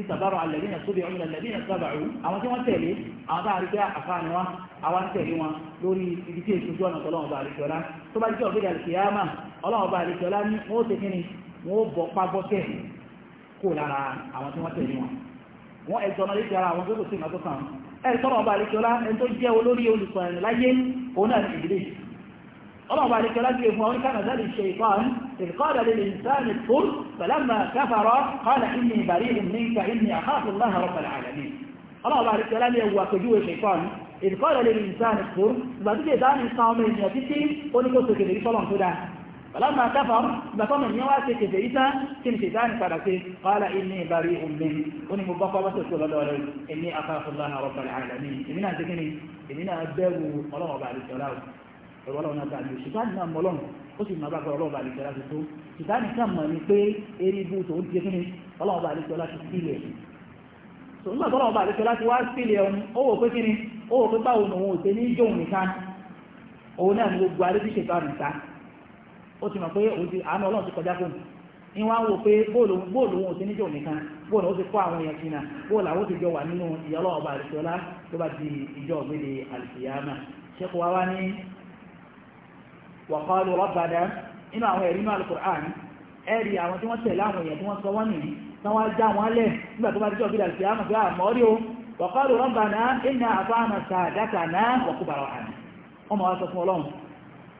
S2: ìtàbárò alẹ́dínà tóbi ọ̀hún nínú alẹ́dínà sábàáwú àwọn tí wọ́n tẹ̀lé àwọn tá a rí pé àfààní wọn àwa ń tẹ̀lé wọn lórí ibi tí èso jọ́nà ọlọ́run bá rí kẹlá tó bá jẹ́ ọ̀gbẹ́dà lè fìyà máa ọlọ́run bá rí kẹlá ní wọ́n tẹ̀ kí ni wọ́n bọ́ pa bọ́tẹ̀ kó lára àwọn tí wọ́n tẹ̀lé wọn wọ́n ẹ̀jọ̀ náà lè jẹ́ ara àwọn tó kò sí ìmọ̀tò kan ẹ̀sọ́rọ̀ ọba àríkẹ́lá ẹni tó jẹ́ olórí olùsọ̀rìn láyé òun náà ti ìdílé ọlọ́ọ̀bá àríkẹ́lá gbé fún àwọn ìkànnà sẹ́lẹ̀ ṣe ìfọ́n ìkọ́dà lè lè sáàmì fún pẹ̀lẹ́mà káfàrọ́ kọ́nà ìní ìbàrí ìmìnkà ìní àkáàtùláhà rọ̀pẹ̀lẹ̀ àlẹ́mì ọlọ́ọ̀bá àríkẹ́lá ní ẹwà pẹ̀júwe ṣe ìfọ́n ìkọ́dà lè lè sáàmì فلما كفر بطن النواس كفيتا كن شيطان فرسي قال إني بريء منه وني مبقى بس كل دولي إني أخاف الله رب العالمين إمنا تكني إمنا أدابه الله بعد السلام ọlọ́run náà tàbí ṣìtáàdì náà mọ́ lọ́run ó sì máa bá gbọ́ ọlọ́run bàálì ìṣọ́lá ti tó ṣìtáàdì kan mọ̀ ní pé eré ibú tó ń jẹ́ kí ni ọlọ́run bàálì ìṣọ́lá ti sílẹ̀ tó ń gbàgbọ́ ọlọ́run bàálì ìṣọ́lá ti wá sílẹ̀ ọ̀hún ó wò pé kí ó wò pé báwo ni òun ò ṣe ní jóun nìkan òun náà ni gbogbo ó ti mọ̀ pé òun ti àánú ọlọ́run ti kọjá fún mi ní wo pé bóòlù bóòlù òun ti níjọ́ nìkan bóòlù ó ti kó àwọn èèyàn kìnnà bóòlù àwọn ti jọ wà nínú ọba tó bá di ìjọ ògbélé àlùfíyàmà ṣẹ́kù wa wá ní wàkọ́lù rọ́bàdà nínú àwọn ẹ̀rí náà alukur'an ẹ̀rí àwọn tí wọ́n tẹ̀lé àwọn èèyàn tí wọ́n sọ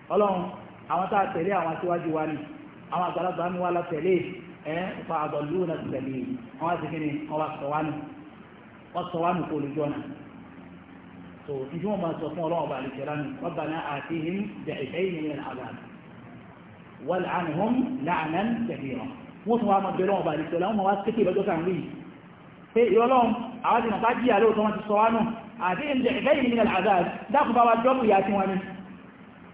S2: o àwọn tá a tẹ̀lé àwọn aṣíwájú wa ni àwọn àgbàlagbà ni wà lá tẹ̀lé ẹ̀ fa àgbọ̀lú náà ti tẹ̀lé wọn wá sí kí ni wọn wá sọ wá nù wọn sọ wá nù kó olùjọ náà so ìdí wọn máa sọ fún ọlọ́wọ́ bá àlejò lánàá wọn bá náà àti him jẹ ìfẹ́ yìí nínú àgbà wọn làánà hom làánà tẹ̀lé wọn wọn tún wá máa bẹ lọ́wọ́ bá àlejò lánàá wọn wá sékè lọ́jọ́ kan rí pé ìrọlọ́wọ́ àwọn ti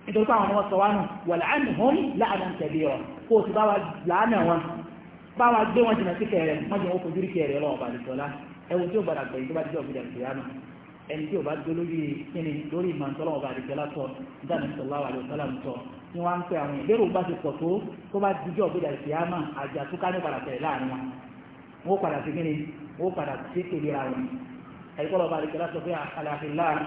S2: nítorí pé àwọn ọmọ sọ wá nù wọ̀lá àmì hàn láàánà tẹ̀lé ọ kó o sì bá wa láàánà wọn bá wa gbé wọn jìnà sí kẹrẹ wọn jìnà wọn fojú rí kẹrẹ ọlọ́wọ́ balùwọ̀lá ẹwọ tí ó gbàdà gbẹ̀yìn tó bá jẹ́ ògbìdà ìgbéyàmù ẹni tí ó bá dó lórí kíni lórí ìmọ̀ntọ́lọ́wọ́ balùwọ̀lá tọ dáná sallallahu alaihi wasallam tọ ni wọ́n ń pẹ́ àwọn ìlérò bá ti pọ̀ tó tó bá dijọ́ ògbìdà ìgbéyàmù àjà tó ní padà tẹ̀lé láàrin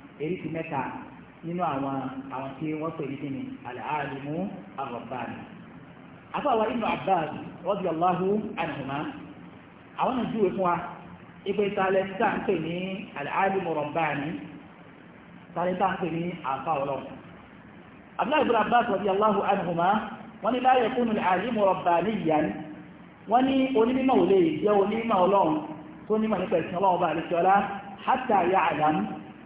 S2: eréṣì mẹ́ta nínú àwọn àwọn tí wọ́n pè ní kí ni al-alimu ar-rabbani. afáwa ibn abbas radiyallahu anhuma àwọn náà júwe fún wa ipe ìtàlẹ̀ tí a ń pè ní al-alimu ar-rabbani ìtàlẹ̀ tí a ń pè ní àfa abdullahi ibn abbas radiyallahu anhuma wọ́n ní la yakunu al-alimu rabbaniyan wọ́n ní onímọ̀ òlè jẹ́ onímọ̀ ọlọ́run tó nímọ̀ nípa ìsìn ọlọ́run bá àlejò ọlá hátà ya'lam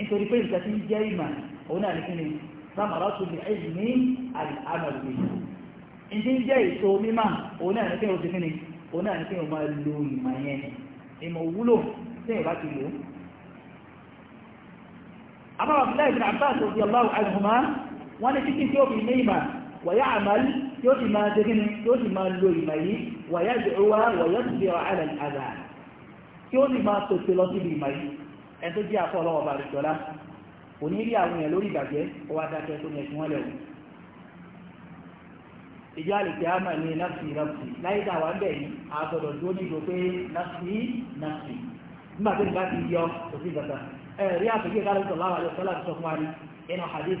S2: nítorí pé nǹkan tí ń jẹ́ ìmọ̀ òun náà ní kí ni samaratu lè ẹ̀yìn ní àmàlùmí ìdí ń jẹ́ èso mímọ̀ òun náà ní kí ni oṣù kí ni òun náà ní kí ni o máa lo ìmọ̀ yẹn ìmọ̀ òwúlò tí ìbá ti lò àbáwọ̀ abdullahi bin abbas radiyallahu anhuma wọ́n ní títí tí ó fi ní ìmọ̀ wàyá àmàl tí ó ti máa ṣe kí ni tí ó ti máa lo ìmọ̀ yìí wàyá dùwà wàyá tìbí ọ̀hálà àgbà tí ó ti máa tòṣe lọ síbi ìmọ̀ yìí ẹni tó jẹ́ àfọ́ ọlọ́wọ́ bàrẹ̀ jọlá kò ní rí àwọn èèyàn lórí ìbàjẹ́ ó wá dákẹ́ tó ní ẹ̀sìn wọn lẹ́wọ̀ ìjọ àlèkè àmà ní nafsi nafsi láyé tàwa ń bẹ̀ yìí àtọ̀dọ̀ tó ní gbogbo nafsi nafsi nígbà tó nígbà ti yọ òfin gbàgbà ẹ̀rí àpèjì kálí sallallahu alaihi wasallam sọ fún wa ní ẹnu hadith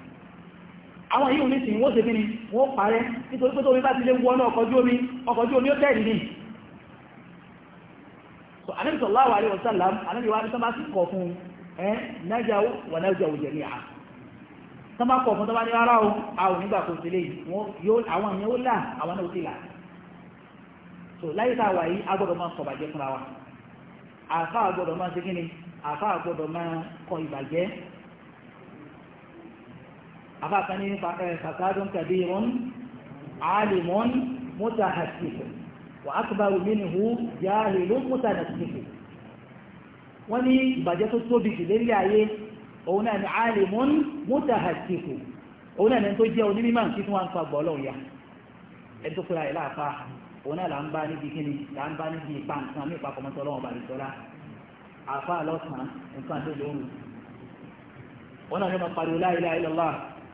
S2: àwọn yíò ní sí wọ́n ṣe bí ni wọ́n parẹ́ nítorí pé tó omi bá ti lé wọ́n ọkọ̀jú omi ọkọ̀jú omi ó tẹ́rì ní so Ànábì sallallahu alaihi wasallam Ànábì wa tó bá sì kọ̀ fún ẹ́ nájà wà nájà òjẹ̀ ní à tó bá kọ̀ fún tó bá ní rárá o a ò nígbà kò sílé àwọn ìyẹn ó là àwọn náà ó so láyé tá a wà yìí a gbọ́dọ̀ máa sọ bàjẹ́ fúnra wa àfáà gbọ́dọ̀ máa ṣe kí àfáà gbọ́dọ̀ máa kọ ìbàjẹ́ afáàkan ní eh, fasadun kabirun alimun mutahassifu wa akbaru minhu jahilun mutanassifu wọ́n ní ìbàjẹ́ tó tóbi jù lérí ayé òun náà ni alimun mutahassifu òun náà ni tó jẹ́ onímọ̀ tí wọ́n ń fa gbọ́lọ̀ ya ẹni tó fúra ẹ̀ láàfà òun náà là ń bá níbi kíni là ń níbi ipa nǹkan mí ìpapọ̀ mọ́tò lọ́sàn-án nǹkan tó lóorùn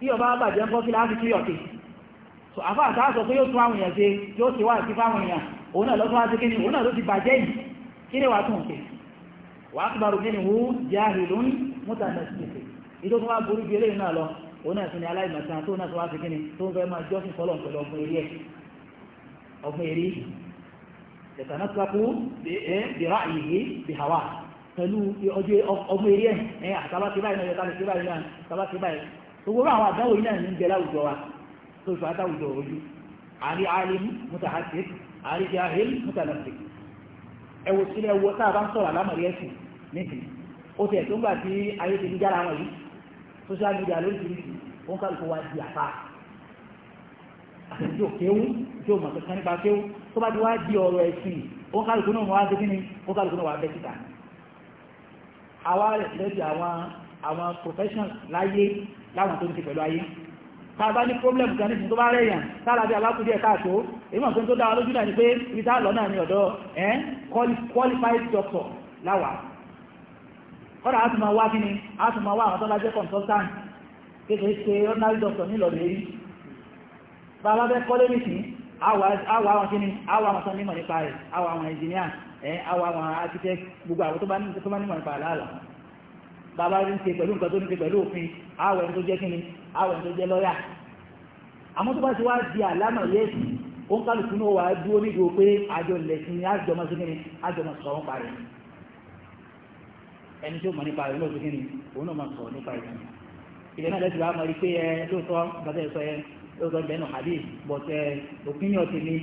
S2: tí ọba bàjẹ́ ń kọ́ kí láti kí ọ̀tẹ̀ so àfá àtàásọ pé yóò tún àwọn èèyàn ṣe yóò ṣe wá sí fáwọn èèyàn òun náà lọ́tún wá sí kíni òun náà ló ti bàjẹ́ yìí kí ni wà tún ṣe wà á túbàrù kíni wú jahilun mutanassis ìjọ tó wá burú ju eléyìí náà lọ òun náà tún ni aláìmọ̀tán tó náà tún wá sí kíni tó ń fẹ́ máa jọ́sìn fọlọ̀ pẹ̀lú ọgbọ̀n eré ẹ̀ ọgbọ̀n eré ìtànàtàkù bìráyìí bìhàwà pẹ̀lú ọgbọ̀n eré ẹ̀ àtàbátìbáyìí gbogbo àwọn àdáwò yìí náà ní jẹ́ láwùjọ wa tó sọ àtàwùjọ ojú àrí alim mutahasib àrí jahil mutanasib ẹwọ sílẹ̀ ẹwọ tá a bá ń sọ̀rọ̀ àlámọ̀rí ẹ̀sìn nísìnyí ó ti ẹ̀tọ́ gbà tí ayé ti ń jára wọn yìí social media ló ń ti rí ó ń kálukú wa di àpá àtẹ̀jú òkéwú tí ó mọ̀ kankan nípa kéwú tó bá ti wá di ọ̀rọ̀ ẹ̀sìn ó ń kálukú náà wá dégbé ni ó ń kálukú náà wá bẹ́ síta àwa rẹ̀ lẹ́bi àwọn àwọn professionals láyé láwọn tó ń ti pẹ̀lú ayé bá ní problem kan nítorí tó bá rẹ̀yàn sára bí abákú díẹ̀ káàtó èyí mọ̀ tó dára lójú náà ni pé ibi tá lọ náà ni ọ̀dọ̀ ẹ́ qualified doctor láwà kọ́dà a tún máa wá kíni á tún máa wá àwọn tó lájẹ́ consultant kékeré ṣe ordinary doctor ní lọ́dọ̀ èyí bá bá fẹ́ kọ́lé nìsí àwọ̀ àwọn kíni àwọ̀ àwọn tó nímọ̀ nípa rẹ̀ àwọ̀ àwọn engineer àwọ̀ àwọn architect gbogbo àwọn tó bá nímọ̀ nípa rẹ̀ láàlọ́ bàbá rí ń ṣe pẹ̀lú nǹkan tó ní ṣe pẹ̀lú òfin àwẹ̀ tó jẹ́ kíni àwẹ̀ tó jẹ́ lọ́yà àmọ́ tó bá ti wá di àlámà yẹ́sì ó ń kálukú náà wà á dúró nídìí pé àjọ lẹ̀sìn ni àjọ máa ṣe kíni àjọ máa sọ̀rọ̀ parí ẹni tó mọ̀ nípa ìrìnà òṣèké ni òun náà máa sọ̀rọ̀ nípa ìrìnà ìrìnà lẹ́sìn wàá mọ̀ rí pé ẹ lóòótọ́ bàtà ìsọ ẹ lóòótọ́ bẹ́ẹ̀ nù hadith bọ̀tẹ̀ opinion ti ní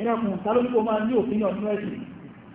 S2: ẹ̀rọ kùn sálóníkò máa ní opinion nínú ẹ̀sìn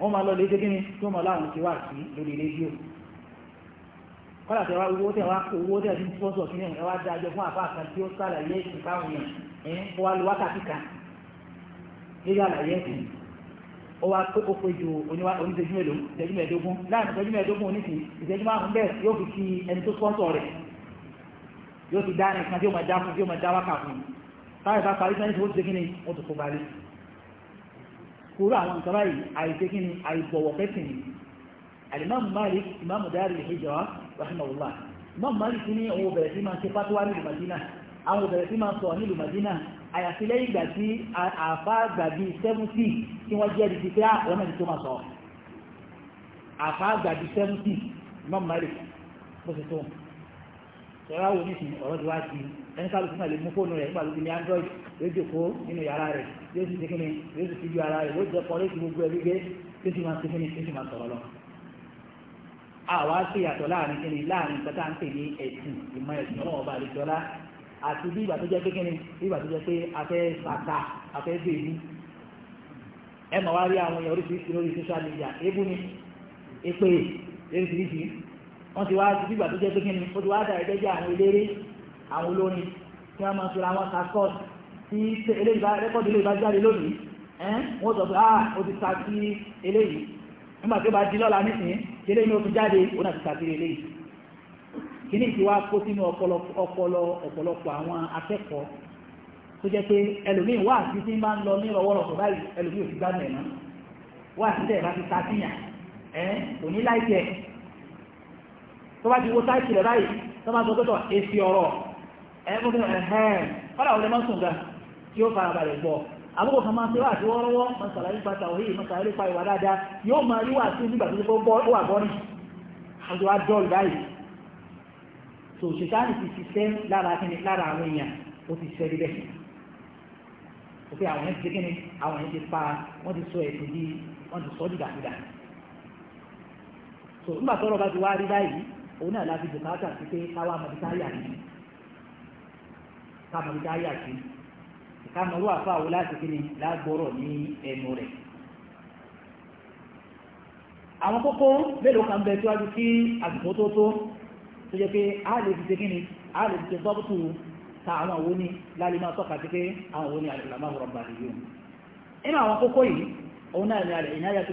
S2: wọ́n máa lọ lè ṣe gíní tó mọ̀ láwọn ti wà sí lórí rédíò kọ́lá tẹ wá owó tẹ wá owó tẹ ní sọ́sọ̀ sí ẹ̀ wá dájọ́ fún àpá kan tí ó sàlàyé ẹ̀sìn fáwọn èèyàn ẹ̀ ó wá lu wákàtí kan lórí àlàyé ẹ̀sìn ó wá pé ó pé ju kúrò àwọn nǹkan báyìí àìsè kí ni àìbọ̀wọ̀ fẹ́sìn ni alimami malik imamu dari al-hijra rahimahullah imamu malik ní òun bẹ̀rẹ̀ sí máa ṣe fatuwa nílùú madina àwọn bẹ̀rẹ̀ sí máa sọ nílùú madina àyàfi lẹ́yìn ìgbà tí àfa gbàgbé seventy tí wọ́n jẹ́ di pípẹ́ àwọn ẹni tó máa sọ àfa gbàgbé seventy imamu malik bó ṣe tó ṣọlá wo nísìnyí ọ̀rọ̀ ti wá sí ẹni kálukú náà lè mú fóònù rẹ̀ nígbà tó ní android lójú kó nínú yàrá rẹ̀ yóò sì kíni yóò sì fi ju ara rẹ̀ yóò jẹ́ kọ́ yóò sì gbogbo ẹbí gbé yóò sì máa kíni yóò sì máa sọ̀rọ̀ lọ. àwa ṣe yàtọ̀ láàrin kíni láàrin nǹkan tá à ń pè ní ẹ̀sìn ìmọ̀ ẹ̀sìn ọlọ́wọ́ ọba àdìsọ́lá àti bí ìgbà tó jẹ́ pé bí ìgbà tó jẹ́ pé afẹ́ sàkà afẹ́ bèbí ẹ mọ̀ wá rí àwọn èèyàn oríṣiríṣi lórí social media ebú ni èpè oríṣiríṣi wọ́n ti wá bí ìgbà tó jẹ́ pé kíni ó ti wá dà ẹgbẹ́jẹ́ àwọn eléré àwọn olórin tí wọ́n máa ń fi ra wọn tí rẹ́kọ́dì ilé ìbájáde lónìí wọ́n sọ pé ah o ti sa sí eléyìí nígbà tí ó bá di lọ́la nísìn tí eléyìí ó tún jáde ó náà ti sa sí eléyìí kí ní ìtiwá kó sínú ọpọlọ ọ̀pọ̀lọpọ̀ àwọn akẹ́kọ̀ọ́ tó jẹ́ pé ẹlòmíì wà sí tí máa ń lọ ní ìrọwọ́rọ̀sọ̀ báyìí ẹlòmíì ò ti gbádùn ẹ̀ náà wà sí tẹ̀ bá ti sa síyàn ẹ̀ kò ní láìpẹ́ tó bá ti wo sáìkì rẹ̀ báyìí tó bá sọ pé tọ̀ èsì ọ̀rọ̀ ẹ̀ fún ẹ̀hẹ́n kọ́dà ò lè mọ́ sùn gan tí ó farabalẹ̀ gbọ́ àbúkò kan máa ń tẹ́wà tí wọ́n rọ́wọ́ máa sàlàyé nípa tàwí máa sàlàyé nípa ìwà dáadáa yóò máa rí wà sí nígbà tó gbọ́ wà bọ́rì ọjọ́ àjọlù báyìí tó ṣètáàní ti ṣiṣẹ́ lára kíni lára àwọn èèyàn ó ti ṣiṣẹ́ rí bẹ́ẹ̀ àwọn èèyàn ti kíni àwọn èèyàn ti pa wọ́n ti sọ ẹ̀sìn bí sọ tó nígbà bá ti wá rí báyìí kámọ̀rú àfáàwò láti kí ni lágbọ́rọ̀ ní ẹnu rẹ̀ àwọn kókó mélòó kan bẹ síwájú kí àsìkò tó tó tó jẹ́ pé a lè fi ṣe kí ni a lè fi ṣe tọ́pùtù ta àwọn òwò ní lálẹ́ máa tọ́ka sí pé àwọn òwò ní al-ulama ar inú àwọn kókó yìí òun náà ní al-inayatu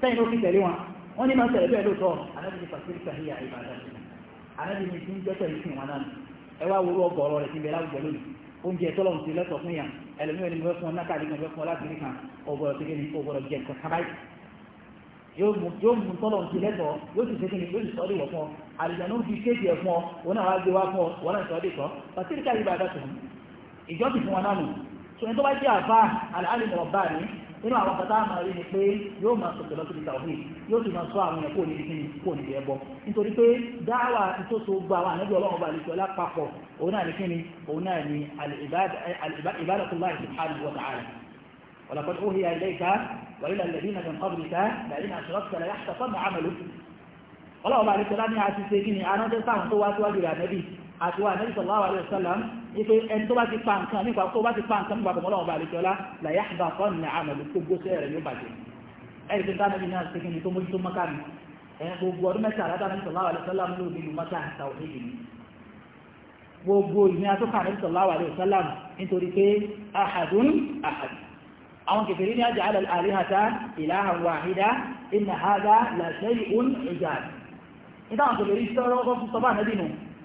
S2: sẹ́yìn ló fi tẹ̀lé wọn wọ́n ní máa tẹ̀lé bẹ́ẹ̀ lóòótọ́ alábìnrin pàṣírí sàhí àìbàdà alábìnrin tí ń jẹ́ pẹ̀lú ìsìn wọn náà ẹ wá wo ọgọ́rọ̀ rẹ̀ ti bẹ láwùjọ lónìí oúnjẹ tọ́lọ́run ti lẹ́tọ̀ fún yà ẹlòmíràn ni wọ́n fún ọ náà káàdì kan fún ọ láti rí kan ọgbọ̀rọ̀ ti kéde ọgbọ̀rọ̀ jẹ nǹkan kábáyì yóò mú tọ́lọ́run ti lẹ́tọ̀ yóò sì ṣẹ́kẹ́ ni yóò sì sọ́ọ́dì wọ̀ fún ọ àlùjáde ń fi kéèkì ẹ̀ fún ọ wọn náà wá gbé wá fún ọ wọn náà sọ́ọ́dì kan pàṣírí káàdì nínú àwọn kata àmà rí ni pé yóò máa sọ̀tọ̀ lọ síbi tàwọn yìí yóò sì máa sọ àwọn ẹ̀kọ́ ní ìdíkìní kò ní ẹbọ nítorí pé dáwà ìtòsò gba àwọn ànábì ọlọ́run bá lè sọ òun náà ní kíni òun náà ní al-ibadatullahi subhanahu wa ta'ala walaqad uhiya ilayka wa ila alladhina min qablika la in àti wà nẹ́bí sallallahu alaihi wasallam ipe ẹni tó bá ti pa nǹkan nípa tó bá ti pa nǹkan nípa pọ̀mọ́lọ́wọ́ bá àlejò ọlá làyà àgbà kan ní àmàlù gbogbo sẹ́ rẹ̀ yóò bàjẹ́ ẹni tó ń dáná bí náà ṣe kíni tó mójútó mọ́ká ni ẹni tó gbóṣẹ́ re yoo baje eni to n dana bi àti se kini to mojuto moka mi eni nẹ́bí sallallahu alaihi wasallam ló nílùú mọ́ká àtàwọn èyí ni gbogbo ìnira tó ní nẹ́bí sallallahu alaihi wasallam nítorí pé ahadun ahad àwọn kèfèrè ní ajá alẹ́ àríhàtà ilahan wahida inna hadha la shay'un ìjà ìdáhùn kèfèrè sọ́rọ́ ọkọ̀ fún sọ́bà nẹ́bí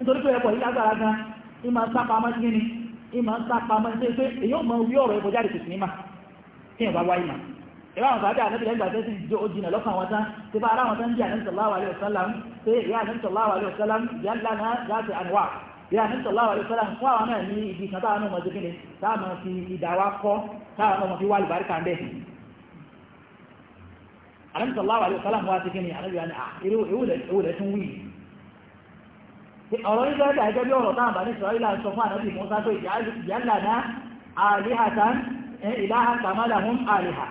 S2: nítorí pé ẹ̀kọ́ yìí lágbára gan ìmọ̀ ń sápa ọmọ sí ní ìmọ̀ ń sápa ọmọ sí pé èyí ò mọ wí ọ̀rọ̀ ẹ̀kọ́ jáde kò sí ní mà kí ẹ̀ bá wá ìmọ̀ ìwà àwọn sàádà àti ìlẹ́gbà tẹ́sí jọ òjìnà lọ́kàn wọn tán tí bá ara wọn tán jẹ́ sallallahu alaihi wasallam pé ìyá sallallahu alaihi wasallam yà lánàá láti àníwá ìyá sallallahu alaihi wasallam fún àwọn náà ní ibi kan táwọn ọmọ jẹ́kínlẹ̀ táwọn fi ìdáwà kọ́ táwọn ọmọ ọ̀rọ̀ yìí bẹ́ẹ̀ dàgẹ́ bí ọ̀rọ̀ táwọn bàbá ìsọ̀rọ̀ ìlà sọ fún ànábì Mùsá pé ìyálànà àlìhàtàn ìlàhà kàmádà hún àlìhà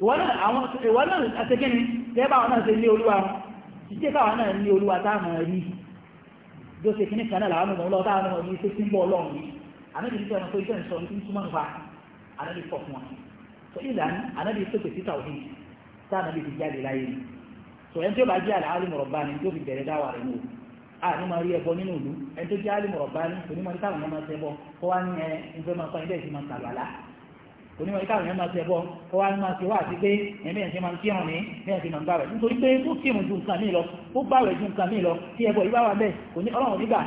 S2: ìwọ́n náà àtẹ́kẹ́ni lẹ́bàá wọn náà ṣe ní olúwa ìṣẹ́ káwọn náà ní olúwa táwọn rí bí ó ṣe kíní kan náà làwọn ọmọ ọlọ́ọ̀ táwọn ọmọ yìí ṣe sí ń bọ́ ọlọ́run yìí ànábì ní sẹ́wọ̀n pé iṣẹ́ ìṣọ́ ní túmọ̀ nípa ànábì pọ̀ fún wọn sọ ìlànà ànábì sókè sí tàwí táwọn ànábì ti jáde láyé ni sọ ẹni tí ó bá jẹ́ àlàálì mọ̀rọ̀ bá ni tó fi bẹ̀rẹ̀ dáwà rẹ̀ ní àní máa rí ẹbọ nínú ìlú ẹni tó jẹ́ àlìmọ̀ ọ̀bá ní onímọ̀ ní káwọn yẹn máa ṣẹbọ kó wá ní ẹ ìfẹ́ máa pa ẹ̀dẹ́ ìsìn máa tàlù àlá onímọ̀ ní káwọn yẹn máa ṣẹbọ kó wá ní máa ṣe wá àti pé ẹ̀mí ẹ̀sìn máa ń kírun ní bẹ́ẹ̀ sì máa ń gbàwẹ̀ nítorí pé ó kírun ju nǹkan mí lọ ó gbàwẹ̀ ju nǹkan mí lọ tí ẹbọ ìbá wa bẹ́ẹ̀ kò ní ọlọ́run nígbà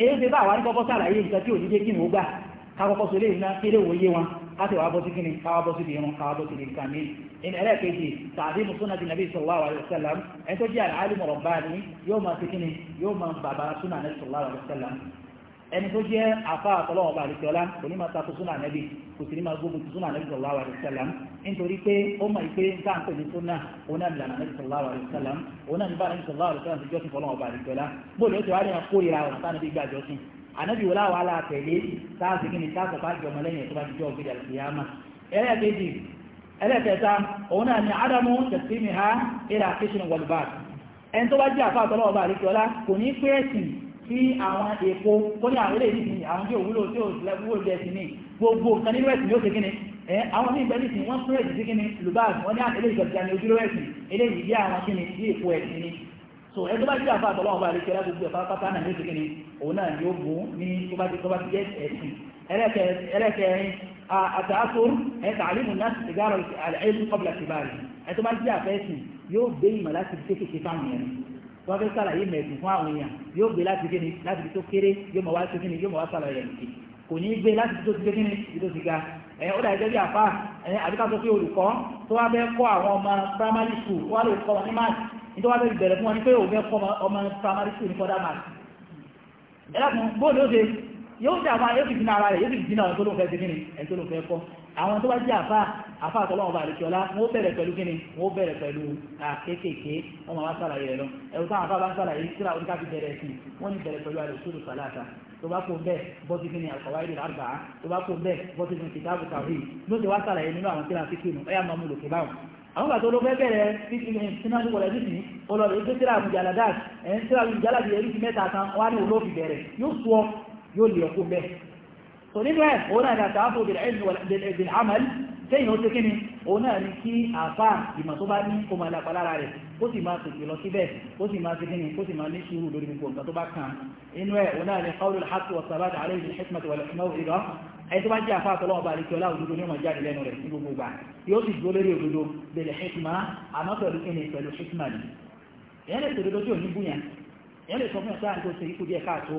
S2: èyí ṣe bá àwa kọ́kọ́ sàlàyé nǹkan tí òdíje kí ni ó gbà ká kọ́kọ́ sọ lè ná kéré òye wọn àti wàá bọ́ sí kíni káwá bọ́ sí ibi irun káwá bọ́ sí ibi nǹkan mi ẹni ẹlẹ́ẹ̀kejì tàbí musulman ti nàbí sallallahu alaihi wasallam ẹni tó jẹ́ al-alim rabbani yóò máa sí kíni yóò máa bàbá súnà nàbí sallallahu alaihi wasallam ẹni tó jẹ́ afá àtọ́lọ́wọ́ bá àdìsí ọlá kò ní máa takò súnà nàbí kò sì ní máa gbógun ti súnà nàbí sallallahu alaihi wasallam nítorí pé ó mọ̀ ìpé ń dáǹpẹ̀ ní súnà òun náà nìlànà nàbí sallallahu alaihi wasallam òun náà ní bá nàbí sallallahu alaihi wasallam ti jọ́sìn fọlọ́wọ́ bá àdìsí ọlá bóòlù ó ti wá rí wọn kórìíra ọ̀nà tá ànábì wọlá wà á tẹ̀lé táàsì kí ni táàsì bá jọmọ lẹ́yìn ẹ̀ tó bá ti jọ ògbéjà kìyàmà ẹlẹ́ẹ̀kejì ẹlẹ́ẹ̀kẹta òun náà ni ádámù tẹ̀símì ha ìlà kíṣìn wọlbàt ẹni tó bá jẹ́ àfáà tọ́lọ́ ọba àríkọlá kò ní pé ẹ̀sìn sí àwọn èkó kó ní àwọn eléyìí ní àwọn tí ò wúlò tí ò wúlò jẹ́ sí ní gbogbo nǹkan nínú ẹ̀sìn yóò ṣe kíni àwọn ní ìgbẹ́ nìsín wọ́n pé ẹ̀sìn sí kíni lùbáàgì wọ́n ní àtẹlẹ́yìn ìjọba ní ojúlówó ẹ̀sìn eléyìí bí àwọn kíni bí èkó ẹ̀sìn ni so ẹ tó bá jẹ́ àfa àtọ̀lọ́wọ́n bá lè kẹ́lá gbogbo ẹ̀fà pátá náà méjì kìíní òun náà yóò mú ní tó bá ti tó bá ti jẹ́ ẹ̀sìn ẹlẹ́kẹ̀ẹ́rin àtàásùn ẹ̀ tààlímù náà ti gbàrọ̀ àlẹ́lú kọ́bìlà ti bá rí ẹ bá jẹ́ àfẹ́ ẹ̀sìn yóò gbé ìmọ̀ láti fi kékeré fáwọn ẹ̀rín wọ́n fẹ́ sàlàyé mẹ̀sìn fún àwọn èèyàn yóò gbé láti kékeré láti tó kéré yóò mọ̀ wá sí kékeré yóò mọ̀ wá sàlàyé ẹ̀rín kò ní gbé láti tó ti kékeré fi ti ga ẹ ó dàgbẹ́ bí àfa ẹ àbíká sọ pé olùkọ́ tó wá fẹ́ kọ́ àwọn ọmọ primary school wọ́n lè kọ́ wọn ní máàkì nítorí wọ́n fẹ́ bẹ̀rẹ̀ fún wọn ní pé òun fẹ́ kọ́ ọmọ primary school ní fọ́dá mark ẹlẹ́kùn bóòlù ó ṣe yóò ṣe àfa yóò fi dínà ara rẹ̀ yóò fi dínà ọ̀tọ́ ló fẹ́ ṣe kíni ẹ̀tọ́ ló fẹ́ kọ́ àwọn tó bá jẹ́ àfa àfa àtọ́lọ́wọ́n bá àlejò ọlá wọ́n bẹ̀rẹ̀ pẹ̀lú kíni wọ́n bẹ̀rẹ̀ pẹ̀lú kéékèèké wọ́n máa wá sàlàyé rẹ̀ lọ ẹ̀rù táwọn àfa bá ń sàlàyé síra oníkà fi bẹ̀rẹ̀ sí wọ́n ní bẹ̀rẹ̀ pẹ̀lú àlùsùlù sàlàtà tó bá kó bẹ́ẹ̀ bọ́sí kíni àkọ̀wáyé àgbà tó bá kó bẹ́ẹ̀ bọ́sí kíni kìtàbù tàwí ló ti wá sàlàyé nínú àwọn tíra fíkì nù ẹ̀yà máa mú lòkè báwọn àwọn bàtà olóògbé bẹ̀rẹ̀ sinadu wọlé ní sìn olóòrè tó tíra àmì jàládà ẹ̀yìn tíra àmì jàládà yẹrí ti mẹ́ta kan wá ní olóòfì bẹ̀rẹ̀ yóò sọ yóò lè ọkọ bẹ́ẹ̀ so nínú ẹ̀ òun náà ni àtàwàfò bìl'amal tẹ́yìn ó ti kí ni òun náà ni kí àfá ìmọ̀ tó bá ní kó máa lápa lára rẹ̀ ó sì máa tètè lọ síbẹ̀ ó sì máa ti kí ni ó sì máa ní sùúrù lórí gbogbo nǹkan tó bá kàn inú ẹ̀ òun náà ni qawlu al-haqq wa thabat alayhi al-hikmah wal maw'izah ẹni tó bá jẹ́ àfá àtọ́lọ́ ọba àríkẹ́ ọlá òdodo ní ọmọ jáde lẹ́nu rẹ̀ ní gbogbo gbà yóò sì dúró lórí òdodo bil hikmah àmọ́ pẹ̀lú kí ni pẹ̀lú hikmah ni ìyẹn lè tòdodo tí ò ní búyàn ìyẹn lè sọ fún ẹ̀sán tó ṣe ikú díẹ̀ káàtó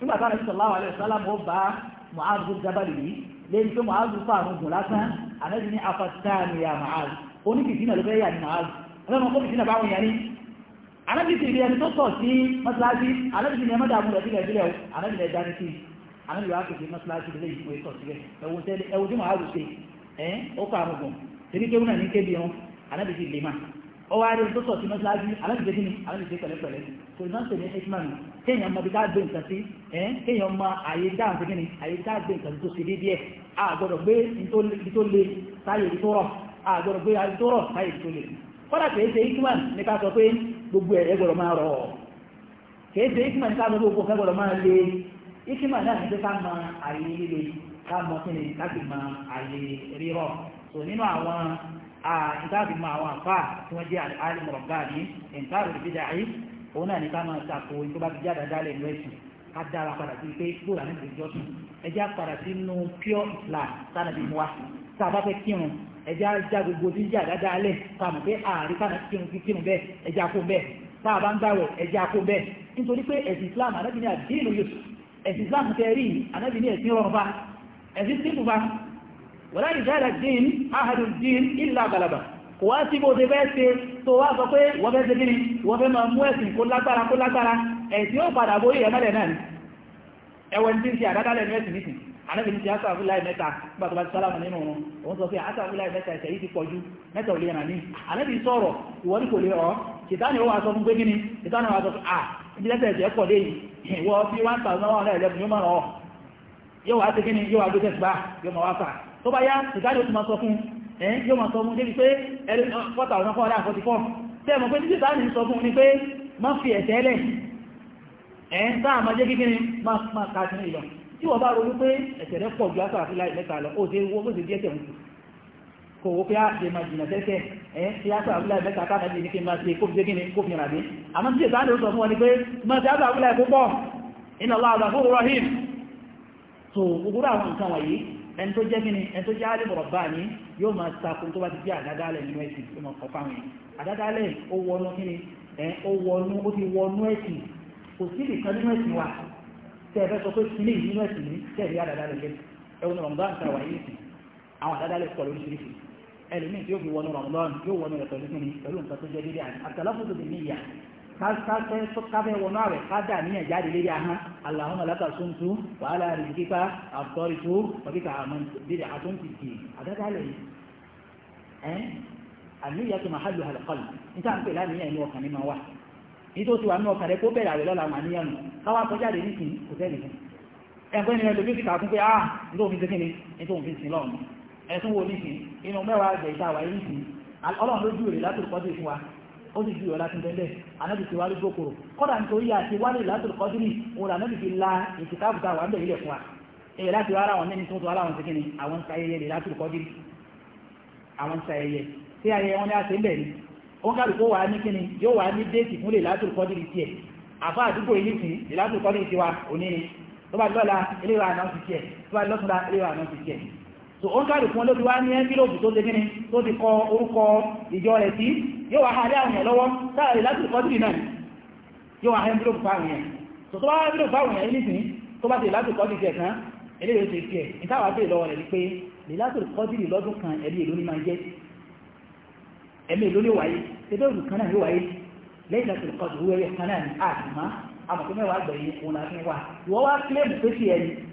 S2: nígbà táwọn ẹ̀sìn sallallahu alaihi wasallam ó bá Mu'adh bin Jabal yìí lẹ́yìn tó Mu'adh fàrùn gùn lásán ànábì ní afatáàmì ya Mu'adh oníkìsínà ló fẹ́ yà ní Mu'adh ọlọ́run kó kìsínà báwọn yà ní ànábì ti rí ẹni tó sọ̀ sí mọ́sálásí ànábì ní ẹmọ́dà mú lọ́sílẹ̀ ìbílẹ̀ ànábì ní ẹja ní sí ànábì wàá kìsí mọ́sálásí lè yí pé sọ̀ sílẹ̀ ẹ̀wù tẹ́lẹ̀ ẹ̀wù tí Mu'adh ṣe ẹ̀ ọwọ́ àrí tó sọ̀tí mọ́ síláájú aláìsẹ̀ gíní aláìsẹ̀ pẹ̀lẹ́pẹ̀lẹ́ tó iná ṣe ní hikmanu kéèyàn mọ bí ká gbé nǹkan sí ẹ̀ẹ́n kéèyàn mọ àyè dáhà sí gíní àyè ká gbé nǹkan tó ṣe déédéé a gbọ́dọ̀ gbé ibi tó le táyè tó rọ̀ a gbọ́dọ̀ gbé ayé tó rọ̀ táyè tó le kọ́dà kìí ṣe hikman ní ká sọ pé gbogbo ẹ̀ gbọ́dọ̀ máa rọ̀ kìí ṣe ní ká sọ gbogbo ẹ̀ ni ká ìtàbí ma àwọn àfà tí wọ́n jẹ́ alìmọ̀rọ̀gbà ní ìtàbí ìbídà ayé òun náà ní ká máa sàkó tó bá ti jáde dálẹ̀ ìlú ẹ̀sìn ká dára padà sí pé gbòòrà ní ìjọ sùn ẹjẹ́ padà sínú pure Islam sánàbí mu wa tá a bá fẹ́ kírun ẹjẹ́ ajá gbogbo tí ń jà dáadáa alẹ̀ ká mọ̀ pé ààrin kánà kírun kí kírun bẹ́ẹ̀ ẹjẹ́ akó bẹ́ẹ̀ tá a bá ń gbàwẹ̀ ẹjẹ́ akó bẹ́ẹ̀ nítorí pé ẹ̀sìn Islam anábìnrin wọ́lá ìjára dín ahàdùn dín ìlà àgbàlagbà kò wá sí bó ṣe fẹ́ ṣe tó wá sọ pé wọ́n fẹ́ ṣe bí ni wọ́n fẹ́ máa mú ẹ̀sìn kó lágbára kó lágbára ẹ̀sìn ó padà borí ẹ̀ mẹ́lẹ̀ náà ni ẹwọ́n tí ń ṣe àdádálẹ̀ mẹ́sìn nìsìn anábìnrin ti asa abúláì mẹ́ta nígbà tó bá ti sálámù nínú wọn òun sọ pé asa abúláì mẹ́ta ẹ̀sẹ̀ yìí ti pọ̀ ju mẹ́ta ò lè ràn ní anábìnrin ah, yóò máa rọ̀ yóò wá yóò wá gbé tẹ̀síbá yóò máa wá fà tó bá yá ìgbádùn tó máa sọ fún ẹ̀yìn yóò máa sọ fún débi pé fọ́tà ọ̀nà fọ́ọ̀dá àkọ́tí fọ́ tẹ́ẹ̀mọ̀ pé títí sáàrì ń sọ fún ní pé má fi ẹ̀tẹ́ lẹ̀ ẹ̀yìn sáà máa jẹ́ kíkiri máa ká sínú ìlọ tí wọ́n bá ronú pé ẹ̀tẹ̀ rẹ̀ pọ̀ ju àṣà àfilà ìlẹ́ta lọ ó ṣe wó ó ṣe díẹ̀ tẹ̀wọ̀n kò wó pé á lè máa jìnà tẹ́tẹ́ ẹ̀yìn tí àṣà àfilà ìlẹ́ta káàkiri ní ní kí n máa ṣe kó fi rahim so gbogbo àwọn nǹkan wọ̀nyí ẹni tó jẹ́ gíní ẹni tó jẹ́ alìmọ̀ ọ̀bá ní yóò máa takun tó bá ti jẹ́ àdádálẹ̀ nínú ẹ̀sìn tó máa àdádálẹ̀ ó wọnú kíni ó wọnú ó ti wọnú ẹ̀sìn kò sí nìkan nínú ẹ̀sìn wa tẹ́ ẹ fẹ́ sọ pé kíní nínú ẹ̀sìn ní tẹ̀lé àdádálẹ̀ jẹ́ ẹ̀wọ̀n Ramadan ta wà yìí sìn àwọn àdádálẹ̀ pọ̀ lóríṣiríṣi ẹlòmíì tí yóò fi wọnú Ramadan yóò wọnú rẹ̀ kásẹ̀ káfẹ́ wọnú àwẹ̀ kádà níyàn jáde lérí ahán aláwọn aláta suntu wàhálà rẹ̀ kíkà àtọ́rìtú ọ̀kíkà àmọ́ ìdílé àtúntìkì àdádálẹ̀ ẹ̀ àníyàn tó máa hàlù àlùkọ́lù níta ń pè láníyàn inú ọkàn ní máa wà nítorí wà ní ọkàn rẹ̀ kó bẹ̀rẹ̀ àwẹ̀ lọ́la mà níyàn nù káwá kọjá lè nìkín kò tẹ́lẹ̀ fún ẹgbẹ́ ni ẹlòmí ti kàkún pé ah nítorí òfin sékìní nítorí òfin sí lọ́run ẹ̀sùn wo nìkín inú mẹ́wàá àgbẹ̀ ìta wà nìkín ọlọ́run ó sì ju ọ̀la tuntun bẹ́ẹ̀ anábì ti wá lójú òkòrò kọ́dà nítorí àti wálé ìlàtò kọ́dúrì òun anábì fi la ìtìkáàbù tá a wà ń bẹ̀ ilẹ̀ fún wa èyí láti wá ara wọn nẹ́ni tó tó ara wọn ti kíni àwọn sayẹyẹ ìlàtò kọ́dúrì àwọn sayẹyẹ tí ayẹyẹ wọn ní àti ń bẹ̀ ni ó ń kálukó wà ní kíni yóò wà ní déètì fún ìlàtò kọ́dúrì tiẹ̀ àfa àdúgbò yìí nìsín ìlàtò kọ́dúrì tiwa so ó káàdù fún olóbi wá ní ẹ́nfílòpù tó tegíní tó ti kọ orúkọ ìjọ rẹ̀ sí yóò wá hàrí àwọn ẹ̀ lọ́wọ́ sáàrí láti kọ́dìrì náà yóò wá ẹ́nfílòpù fáwọn ẹ̀ so tó bá ẹ́nfílòpù fáwọn ẹ̀ nísìn tó bá ti láti kọ́dìrì ẹ̀kan eléyìí ó ti fi ẹ̀ ìtawà pé lọ́wọ́ rẹ̀ ni pé lè láti kọ́dìrì lọ́dún kan ẹ̀mí ìlú ní máa jẹ́ ẹ̀mí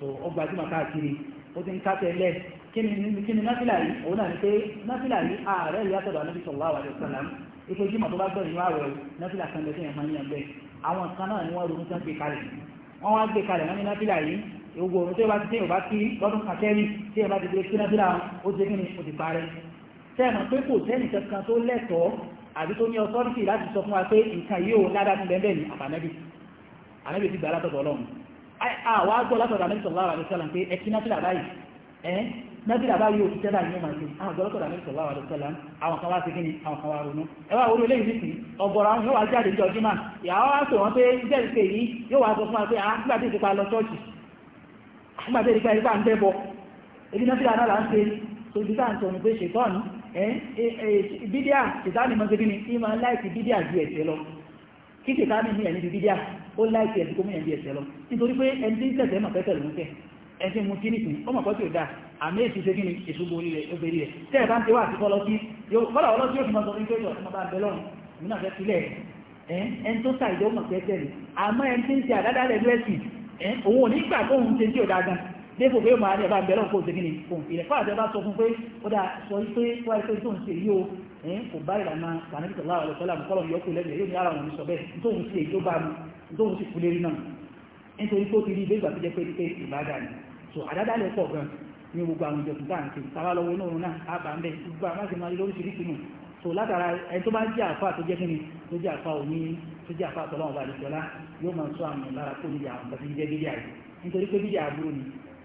S2: so ó gbajúmọ̀ káàkiri ó ti ń kásẹ̀ lẹ̀ kí ni náfìlà yìí òun náà ní pé náfìlà yìí ààrẹ ìyá sọ̀dọ̀ anábì sallallahu alaihi wasallam ife jímọ̀ tó bá gbọ́ ìlú àwẹ̀ náfìlà kan lẹ́sẹ̀ yẹn máa ń yàn bẹ́ẹ̀ àwọn kan náà ni wọ́n ronú tán gbé kalẹ̀ wọ́n wá gbé kalẹ̀ wọ́n ní náfìlà yìí gbogbo ohun tó bá ti tẹ́ ìwà kí lọ́dún kan kẹ́rí tí ẹ bá ti dé kí náfìlà ó ti kíni ó ti parẹ́ tẹ́ẹ̀mọ̀ pé kò tẹ́ẹ̀nì kankan tó lẹ́tọ̀ọ́ àbí tó ní ọtọ́rìtì láti sọ fún wa pé nǹkan yìí ò ládàá tún bẹ́ẹ̀ ni àbànẹ́bì àbànẹ́bì ti gbà látọ̀tọ̀ ọlọ́run àwọn agbọ́ látọ̀dọ̀ Ànábì sallallahu alaihi wasallam pé ẹkí náfílà báyìí ẹ́ náfílà báyìí ò ti tẹ́bà ní ọmọ ìsìn àwọn agbọ́lọ́tọ̀dọ̀ Ànábì sallallahu alaihi wasallam àwọn kan wá sí kíni àwọn kan wá ronú ẹwà orí ilé ìlú sí ọgbọ̀rọ̀ àwọn yóò wá jáde jọ jimá ìyàwó wá pè wọ́n pé iṣẹ́ ìpè yìí yóò wá sọ fún wa pé àgbà tí ìpa lọ ṣọ́ọ̀ṣì àgbà tí ìpa ìpa ń bẹ́ bọ ebi náfílà náà là ń ṣe tó ibi táà ń sọ ní pé ṣètọ́ọ̀nù bídíà ṣètọ́ọ̀nù mọ́ sí kíni ìmọ̀ láìsí bídíà ju ẹ̀ṣẹ̀ lọ kíkè ká ní ẹni ti dídíà ó láìsí ẹ̀sìn gómìnà ẹ̀bí ẹ̀sẹ̀ lọ nítorí pé ẹni tí ń tẹ̀sẹ̀ mọ̀ pẹ́tẹ̀ ló ń tẹ̀ ẹni mú kí nìkan ó mọ̀ pọ́ tí ó dá àmì èsì ṣe kí ni ìṣubú orí rẹ̀ obìnrin rẹ̀ tẹ́ ẹ̀ bá ń tẹ́wà àti kọ́lọ́sí kọ́lá ọlọ́sí yóò fi mọ́ sọ fún ìgbésọ̀ ọmọ bá ń bẹ lọ́rùn ìmúnà fẹ́ sílẹ̀ ẹni tó ṣàìjọ́ mọ̀ pẹ́tẹ̀ rẹ̀ àmọ́ ẹni tí ń ṣe dépò pé màá ní ẹ̀bá bẹ̀rẹ̀ òkú òsèkí ni kò ń fi ẹ̀fọ́ àti ẹ̀bá sọ fún pé ó dà sọ pé wá ipé tó ń ṣe yìí o ẹ̀yìn kò bá ìlànà pàtàkì tọ̀lá ọ̀rọ̀ tọ́lá kọ́lọ̀ yọkù lẹ́gbẹ̀ẹ́ yóò ní ara wọn sọ bẹ́ẹ̀ tó ń ṣe tó bá mu tó ń sì kú lérí náà nítorí tó ti rí ilé ìgbà tó jẹ́ pé pé ìbádà ni so àdádá lè pọ̀ gan ní gbogbo àwọn ìjọsìn tá à ń ṣe inú òun náà á bà ń bẹ gbogbo àwọn àti máa lóríṣiríṣi nù so látara ẹni tó bá jẹ́ àfa tó jẹ́ kí ni tó jẹ́ àfa òní tó jẹ́ àfa àtọ́lọ́wọ́n bá àdìsọ́lá yóò máa sọ àwọn ìlara kó níbi àwọn ìgbà tó jẹ́ bíbí àyè nítorí pé bíbí àbúrò ni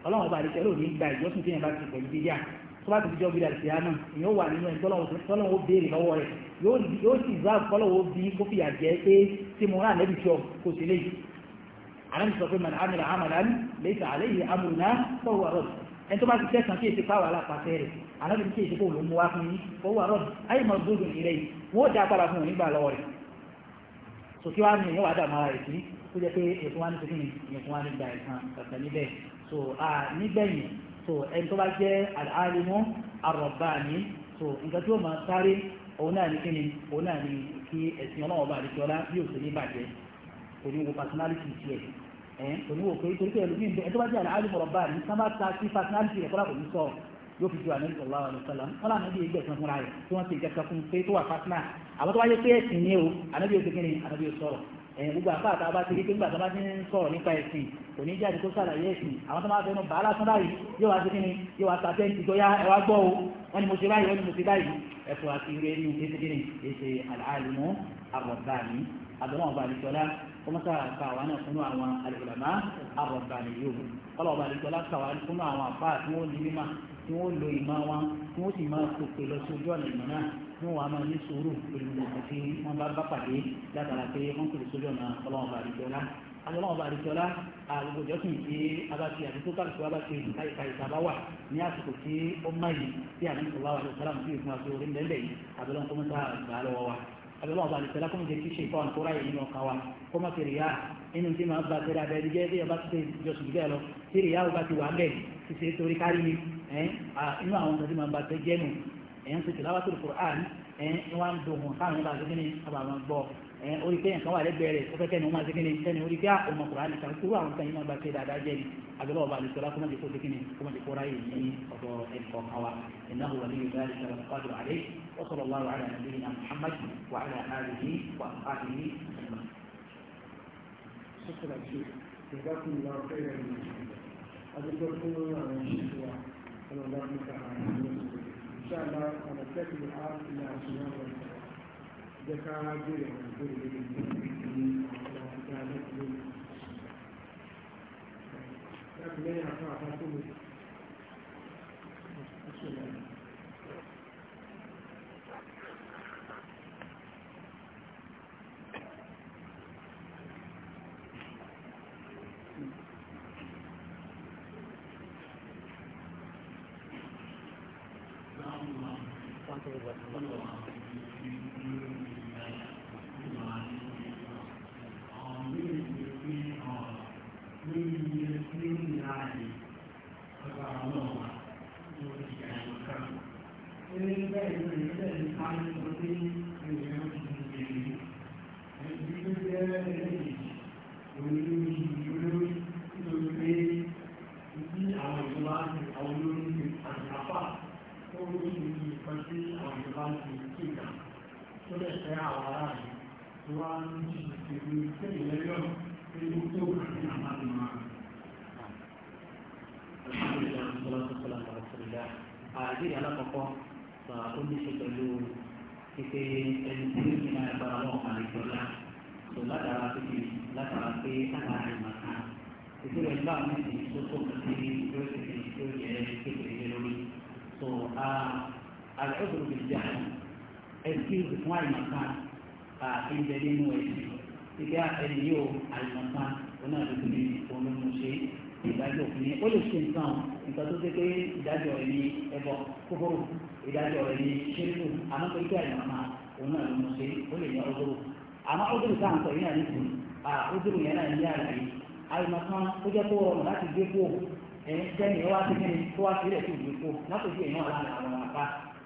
S2: ọlọ́run ọba àdìsẹ́ lónìí gba ìjọsìn tí yẹn bá ti pẹ̀lú bíyà tó bá ti fi jọ bí dàrú sí àná ìyẹn ó wà nínú ẹ̀ tọ́lọ́run ó béèrè lọ́wọ́ rẹ̀ yóò sì zá kọ́lọ́wọ́ bí kó fìyà jẹ́ pé tí mo rán àlẹ́bí tíọ kò sí léyìí àlẹ́bí sọ pé màá àmìlà àmàlà ní lẹ́sà àlẹ́yìn amúnà fọwọ́ àrọ́ ẹni tó bá ti tẹ̀sán kí èsì pàwọ́ alápàṣẹ rẹ̀ àlẹ́bí kí èsì kò ló mú wá fún yín fọwọ́ àrọ́ ayé mọ̀ gbódùn ìrẹ́ yìí wọ́n dá padà fún onígbà lọ́wọ́ rẹ̀ sòkè wá ní ìyẹn wàá dà mára rẹ̀ sí tó jẹ́ pé ètò wá ní so nígbẹ̀yìn so ẹni tó bá jẹ́ al-alimu ar-rabbani so nǹkan tí ó máa sáré òun náà ní kíni òun náà ní kí ẹ̀sìn ọlọ́wọ́ bá àdìsí ọlá bí òṣèlú bàjẹ́ oníwo personality tiẹ̀ ẹ̀ oníwo pé torí pé ẹlòmíì ń bẹ ẹni tó bá jẹ́ al-alimu ar-rabbani sábà ta sí personality rẹ̀ kọ́lá kò ní sọ yóò fi ju ànábì sallallahu alaihi wasallam wọn làwọn ẹbí ẹgbẹ́ ẹ̀sán fúnra rẹ̀ tí wọ́n ti ìjẹ́ka fún pé tó wà pátánà àwọn tó wáyé pé ẹ̀sìn ni o ànábì òṣèkìnrin ànábì òṣọ̀rọ̀ ẹ̀yìn gbogbo àpá àtàbá ti rí pé nígbà tó bá ti ń sọ̀rọ̀ nípa ẹ̀sìn kò ní jáde tó sàlàyé ẹ̀sìn àwọn tó máa fẹ́ nu bàálà sán báyìí yóò wá sí kí ni yóò wá sàfẹ́ ìjọyà ẹwà gbọ́ o wọ́n ni mo ṣe báyìí wọ́n ni mo ṣe báyìí ẹ̀fọ́ àti ìrẹ́ ní ètò kí ni ètò àlàálùmọ́ àrọ̀bàní àdọ́nà ọba àdìsọ́lá kọ́mọ́sá kàwá náà fún àwọn àlùkùlàmá àrọ̀bàní tí wọ́n lo ìmọ̀ wọn tí wọ́n sì máa pèpè lọ sí ojú ọ̀nà ìmọ̀ náà tí wọ́n wà máa ní sùúrù lórí gbogbo tí wọ́n bá bá pàdé látara pé wọ́n pèpè sójú ọ̀nà ọlọ́wọ́n bá àdìjọ lá ọlọ́wọ́n bá àdìjọ lá àgbègbè jọ́sìn tí abáṣe àti tó kálukú abáṣe ìka ìta bá wà ní àsìkò tí ó má yìí tí àná ìṣòwò àwọn ọ̀sán tí ìfún àti orí ńlẹ́lẹ̀ àdìsẹ́lá kó mọ́ jẹ́ kí ṣe ìfọ́ àǹkórá yìí nínú ọkàn wa kó mọ́ kiri yá inú tí màá ba tẹ̀lé abẹ́rẹ́ bí ọba ti ṣe ìjọsìn bẹ́ẹ̀ lọ kiri yá ọba ti wà bẹ́ẹ̀ ti ṣe torí kárí ni inú àwọn ọ̀sán tí máa ń ba tẹ́ jẹ́ nù ẹ̀yìn ń ṣe tìláwà tó Qur'an ẹ̀yìn wá ń dùn hàn káwọn yóò bá ṣe kíni ọba àwọn gbọ́ ẹ̀yìn orí pé nǹkan wà lẹ́gbẹ̀ẹ́ rẹ̀ ó fẹ́ kẹ́ni wọ́n máa ṣe kíni kẹ́ni orí pé ọmọ ah, Qur'an nìkan kúrò àwọn kan yìí máa ba tẹ́ dáadáa jẹ́ ni àgbẹ̀lọ́ ọba وصلى الله على نبينا محمد وعلى آله وأصحابه أجمعين.
S1: شكرا جزاكم الله خيرا. أدعوكم الله أنا لا أتكلم عن إن شاء الله أنا أتكلم الآن إلى أسماء والسلام ذكاء جيد من لكن لا يعرف أحد àwọn aráàlú tó wá ń jí ìṣèlú tẹ́lẹ̀ lẹ́yọ̀ nínú tó wà ní àmàlù máa. alhamdulilayi salatu salatu alhamdulilayi àdé alákọ̀ọ́kọ́ ó ní ṣe pẹ̀lú pípé ẹni tí ó ti máa gbára wọn kàn lè jọlá tó látara pípé látara pé àtàrí màkà ìṣòro ìgbà méjì tó tó kàtí yóò ti fi yóò yẹ
S2: kékeré lórí. so àlẹ́ òṣèlú ti jẹ́ àná excuse fún àìmọ̀kan àti ìbẹ̀ nínú ẹ̀sìn ìgbẹ́ ẹni yóò àìmọ̀kan oní àdúgbò ní olóhùn ṣe ìdájọ́ òfin ó lè ṣe nǹkan nǹkan tó ṣe pé ìdájọ́ rẹ̀ ní ẹbọ kókóró ìdájọ́ rẹ̀ ní ṣẹ́lú àmọ́ pé kí àìmọ̀kan oní àdúgbò ṣe ó lè ní ọgọ́rò àmọ́ ọgọ́rò táà ń sọ yín àdúgbò ọgọ́rò yẹn náà ní àlàyé àìmọ̀kan ó jẹ́ kó rọrùn láti gbé kó ẹ̀yìn tẹ́ni ẹ wá sí kí ni kó wá sí ilẹ̀ tó gbé kó látòjú èèyàn wà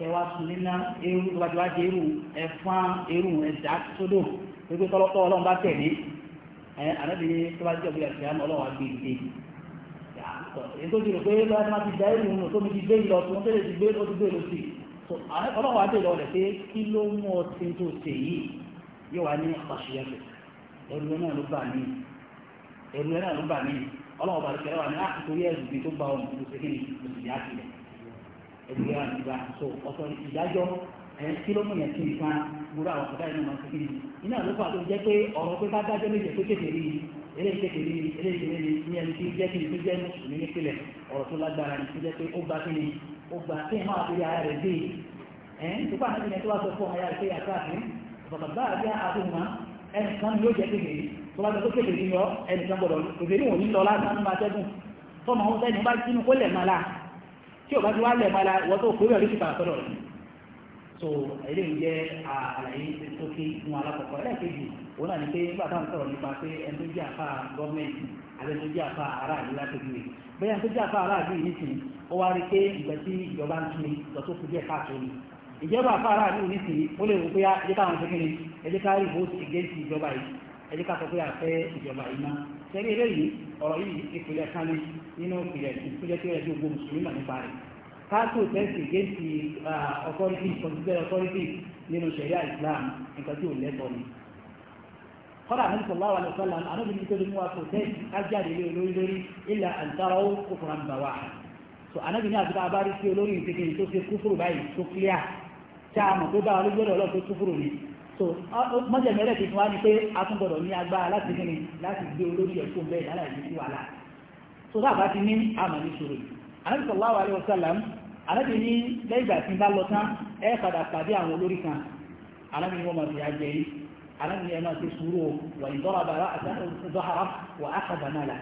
S2: ẹwà sunina eru tó bá ti wá di eru ẹfán eru ẹdá sódò wípé tọ́lọ́tọ́ ọlọ́run bá tẹ̀lé ẹ ànábi tó bá jẹ́ òbíyà tìyàmù ọlọ́run àgbè ìdè ètò ìdìrò pé lọ́wọ́ tí wọ́n ti da eru nù tó mi ti gbé ìlọ tó ń tẹ̀lé ti gbé ó ti gbé e lọ sí ọlọ́run àgbè lọ rẹ̀ pé kí ló mú ọ tó ṣe yìí yóò wá ní àpàṣeyẹlẹ ẹrù náà ló bà mí ẹrù náà ló bà mí ọlọ́run bàtẹ́rẹ́ wà ní àkókò ah, yẹ́ ẹ̀dùn yàrá ìgbà so ọ̀tọ̀ ìdájọ́ ẹ̀ kílómù yẹn ti nǹkan gbúrú àwọn ọ̀gá ìnáwó máa ń kékeré iná ló fà tó jẹ́ pé ọ̀rọ̀ pé bá dájọ́ méje tó kékeré ni eléyìí kékeré ni eléyìí kékeré ni ní ẹni tí jẹ́ kí ni tó jẹ́ mùsùlùmí nípìnlẹ̀ ọ̀rọ̀ tó lágbára ni tó jẹ́ pé ó gba kí ni ó gba kí ìmọ̀ àti ara rẹ̀ dé ẹ̀ tó bá nàbí ni tó wá sọ fún ọmọ yàrá pé yàtọ̀ àti bàbá àti àdúgbò ẹnìkan ni yóò jẹ́ kékeré tó bá jẹ́ tó kékeré ni yọ ẹnìkan gbọ́dọ̀ tí o bá ti wá lẹ̀ mọ́ra wọ́n tó kúrò lórí ìpàdé sọ́dọ̀ rẹ̀ so ilé yìí jẹ́ àlàyé tó ké fún alákọ̀ọ́kọ́ ẹlẹ́ẹ̀kejì òun náà ni pé nígbà táwọn sọ̀rọ̀ nípa pé ẹni tó jẹ́ àfa gọ́ọ̀mẹ̀ntì àbẹ tó jẹ́ àfa aráàlú látòkì rẹ̀ bẹ́ẹ̀ ẹni tó jẹ́ àfa aráàlú yìí nìsín ó wá rí pé ìgbà tí ìjọba ń tún mi lọ tó kú díẹ̀ káàtó ni àfa aráàlú nìsín ó lè wò pé ẹjẹ́ káwọn tó kéré ẹjẹ́ ká rí vote against ìjọba yìí ẹjẹ́ ká sọ pé àfẹ́ ìjọba iná sẹ́rí eléyìí ọ̀rọ̀ yìí ìpìlẹ̀ kan ní nínú ìpìlẹ̀ ìpìlẹ̀ tí ó yẹ kí gbogbo mùsùlùmí mà nípa rẹ̀ káàtó tẹ́sì géètì uh, authority constitutional authority nínú sẹ̀ríà Islam nǹkan tí ò lẹ́tọ̀ọ́ ni kọ́lá àmì sọ̀lá wà lọ́sọ̀lá àmì ní tó ní mú aṣọ tẹ́sì ájáde lé olórí lórí ilà so anábì ní àbúrò abárí sí olórí ìtẹ́kẹ́ tó ṣe kúfùrù báyìí tó clear tí a mọ̀ so mọ́jẹ̀mí ẹ̀rẹ́ tuntun wá ní pé a tún gbọ́dọ̀ ní agbára láti gbìn láti gbé olórí ẹ̀kọ́ bẹ́ẹ̀ lára ìlú sí wàhálà so dáàbá ti ní àmà ní ṣòro Ànábì sallallahu alaihi wasallam Ànábì ní lẹ́yìn ìgbà tí ń bá lọ tán ẹ padà pàdé àwọn olórí kan Ànábì ní wọ́n máa fi ajẹ́ yìí Ànábì ní ẹ máa fi sùúrù wà ní dọ́ra bàrà àtàkùnzọ́hara wà á kàdà náà la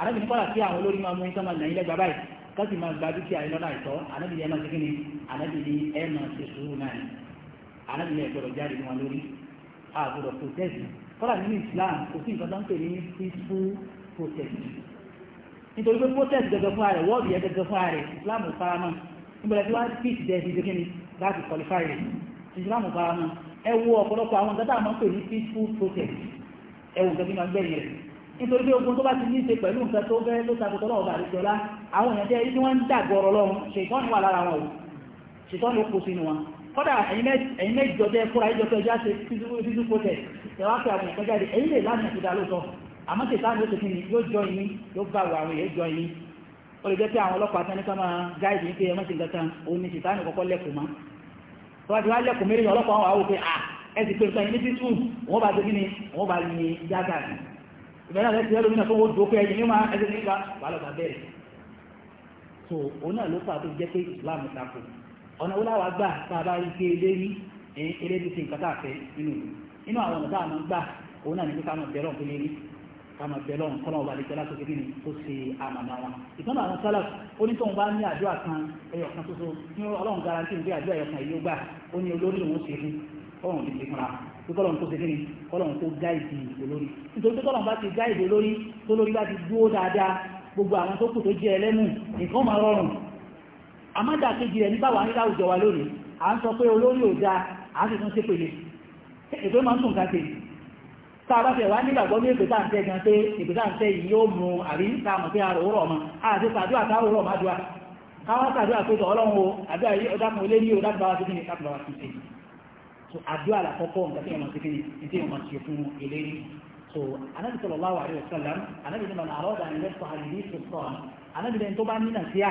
S2: Ànábì ní kọ́lá sí àwọn olórí máa mú ní sọ́mà nàìjíríà gbà báyìí kásì máa gba dúkìá ni Ànábì máa ṣe àrẹ́bìnrin ẹ̀gbọ́dọ̀ jáde wọn lórí àgbọ̀dọ̀ protest kọ́lá nínú Islam kò sí nǹkan tó ń pè ní peaceful protest nítorí pé protest gẹ́gẹ́ fún ààrẹ wọ́ọ̀dù yẹ gẹ́gẹ́ fún ààrẹ Islam ò faramọ́ nígbàdà tí wọ́n speech dẹ̀ ti dẹ́kẹ́ni láti qualify rẹ̀ Islam ò faramọ́ ẹ wo ọ̀pọ̀lọpọ̀ àwọn nǹkan tá a máa pè ní peaceful protest ẹ wo nǹkan bí máa ń gbẹ̀yìn rẹ̀ nítorí pé ogun tó bá ti ní ṣe pẹ̀lú nǹkan tó fẹ́ ló takòtò lọ́wọ́ àdìsọ́lá àwọn èèyàn jẹ́ ibi wọ́n ń dàgọ̀rọ̀ lọ́run ṣètọ́ni wà lára wọn ò ṣètọ́ni ó kó sínú wọn kọ́dà ẹ̀yin mẹ́jọ jẹ́ fúra ìjọ tó jáde fíjú kótẹ̀ ẹwàpẹ́ àwọn ìkọjá rẹ̀ ẹ̀yin lè lánàá ti dá lóòótọ́ àmọ́ tètè àwọn oṣù kìíní yóò jọ yín yóò bá wà àwọn èèyàn jọ yín ó lè jẹ́ pé àwọn ọlọ́pàá tán ní ká máa gáìdì pé ẹmọ́ ti ń kankan ni tètè àwọn kọ́kọ́ lẹ́kùn mọ́ tọ́wọ́ ti wá ah, ni wọ́n bá ní jágà ìbẹ̀rẹ̀ so òun náà ló fà tó jẹ́ pé Islam takò ọ̀nà wo láwàá gbà tá a bá rí pé eléyìí eléyìí ti nǹkan tá a fẹ́ nínú ìlú inú àwọn ọ̀nà tá a máa gbà òun náà ní pé ká máa bẹ̀rọ̀ fún eléyìí ká máa bẹ̀rọ̀ kọ́nà ọba àdìjọ́ látòkè kí ni tó ṣe àmàmà wọn ìtọ́nà àwọn sálà ó ní tóun bá ní àdúrà kan ẹyọ kan ṣoṣo ní ọlọ́run garanti pé àdúrà ẹyọ kan yóò gbà ó ní olórí òun ṣe fún ọ̀run ti fi fúnra pé kọ́lọ́run tó ṣe kí ni kọ́lọ́run tó gáìdì olórí nítorí pé kọ́lọ́run bá ti gáìdì olórí tó lórí bá ti dúró dáadáa gbogbo àwọn tó kù tó jẹ ẹlẹ́mù nǹkan máa rọrùn àmọ́dà kejì rẹ̀ nígbà wà ní láwùjọ wa lónìí à ń sọ pé olórí ò dáa à ń tuntun sí pèlè ètò máa ń tún kan tèmi tá a bá fẹ́ wá nígbàgbọ́ ní ètò táǹtẹ́ gan pé ètò táǹtẹ́ yìí yóò mú àrí táàmù pé àrò òrò ọmọ àti sàdúrà táàrò òrò ọmọ àdúrà káwọn ní o so àdúrà làkọ́kọ́ nǹkan tí wọ́n ti kíni tí wọ́n ti so anábì sallallahu alaihi wasallam anábì ní mọ̀nà àrọ́dà ní lẹ́sọ̀ àdìrí sọ̀tọ̀ anábì ní tó bá ní nàìjíríà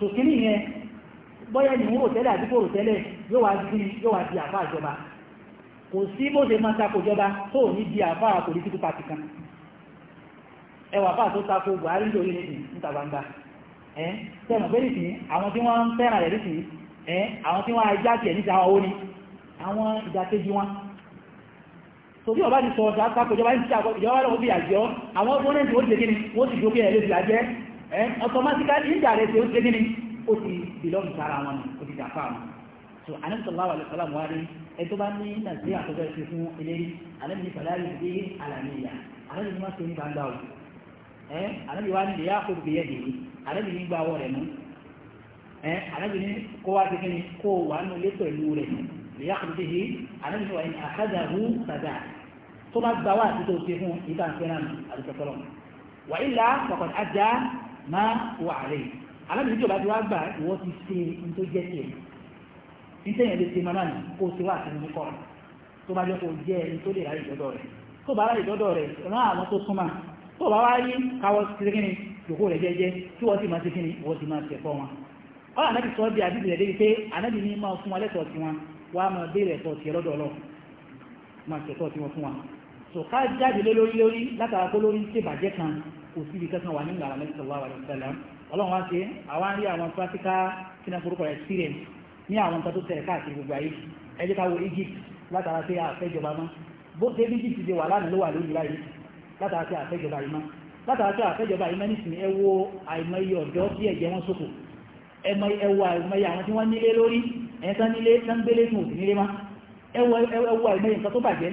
S2: sòkìlì yẹn bọ́yá ni wọ́n tẹ́lẹ̀ àdúgbò rò tẹ́lẹ̀ yóò wá di yóò wá di àfáà ìjọba kò sí bó ṣe máa takò ìjọba tó ní di àfáà political party kan ẹwà àfáà tó takò Buhari lórí nìkì níta gbangba ẹ́ tẹ́mọ̀ pé nìkì àwọn tí wọ́n ń fẹ́ràn rẹ̀ nìkì ẹ́ àwọn tí wọ́n ajá tiẹ̀ níta owó ni àwọn ìdàkejì wọn torí ọba ti sọ ọ̀dà takò ìjọba ìjọba lọ́wọ́ bí àjọ àwọn opponent ó ti lè kí ni wọ́n sì dókè ẹ̀ automatically nígbà rẹ̀ tí ó ṣe gíní ó ti belong sára wọn ni ó ti jàfà wọn so Ànábì sallallahu alaihi wasallam wá rí ẹ tó bá ní nàìjíríà àtọ́jọ́ ìṣe fún eléyìí Ànábì ní fàlàrí ìdí àlàyé ìyá Ànábì ní má ṣe ní gbangba o ẹ Ànábì wá ní ìyá kó gbé yẹ dèé Ànábì ní gbà wọ rẹ mú ẹ Ànábì ní kó wá ti gíní kó wà nù lé pẹ̀lú rẹ ìyá gbé yìí Ànábì wà ní máa wà rẹ̀ alábìsí ìjọba tí gbà ti ṣe ní tó jẹ́ tiẹ̀ ní tẹ̀yìn lè ṣe máa nì kó o ṣe wà sí ní kọ́ra tó bá jẹ́ kó o jẹ́ ẹni tó lè ráyè rẹ̀ tó bá ráyè rẹ̀ rán àwọn tó súnmọ́ tó bá wá rí káwọ́ rẹ̀ jẹ́jẹ́ tí wọ́n sì máa ṣe wọ́n sì máa fọ́ wọn. so ká jáde lé lórí lórí látara kó lórí ṣe bàjẹ́ kan kò síbi kankan wà nínú àlàmẹ́ sọ̀rọ̀ àwọn ìṣẹ̀lẹ̀ ọlọ́run wá ṣe àwọn rí àwọn practical kíná experience ní àwọn nǹkan tó tẹ̀lé káàkiri gbogbo ayé ẹ jẹ́ ká wo Egypt látara pé àfẹ́jọba mọ́ bó ṣe Egypt ṣe wà lánàá ló wà lórí báyìí látara pé àfẹ́jọba yìí mọ́ látara pé àfẹ́jọba yìí mọ́ nísìnyí ẹ wo àìmọye ọ̀dọ́ tí ẹ̀jẹ̀ wọn ṣòfò ẹwọ àìmọye àwọn tí wọ́n nílé lórí ẹ̀yẹn tán nílé tán gbélé fún òsì nílé má ẹwọ àìmọye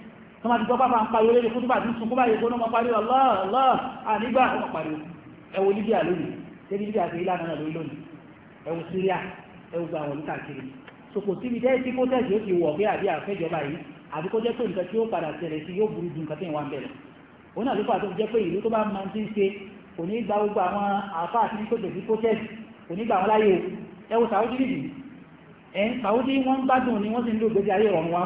S2: tó máa ti gbọ́ pápá ń pariwo lórí kútùbà tí ń sunkún báyìí kó náà Allah Allah ànígbà ó pariwo ẹwọ Libya lónìí ṣé Libya ti ìlànà náà lórí lónìí ẹwọ Syria ẹwọ gba àwọn olùkàkiri sòkò síbi jẹ́ tí kó tẹ̀sí ó ti wọ̀ pé àbí àfẹ́jọba yìí àbí kó jẹ́ pé nǹkan tí ó padà ṣẹlẹ̀ sí yóò burú ju nǹkan tí ìwà ń bẹ̀rẹ̀ òun náà ló fà tó jẹ́ pé ìlú tó bá máa ti ń ṣe o ẹwọ Saudi nìyí ẹ Saudi wọn ń gbádùn ni wọn sì ń lo ìgbésí ayé ìrọ̀rùn wọn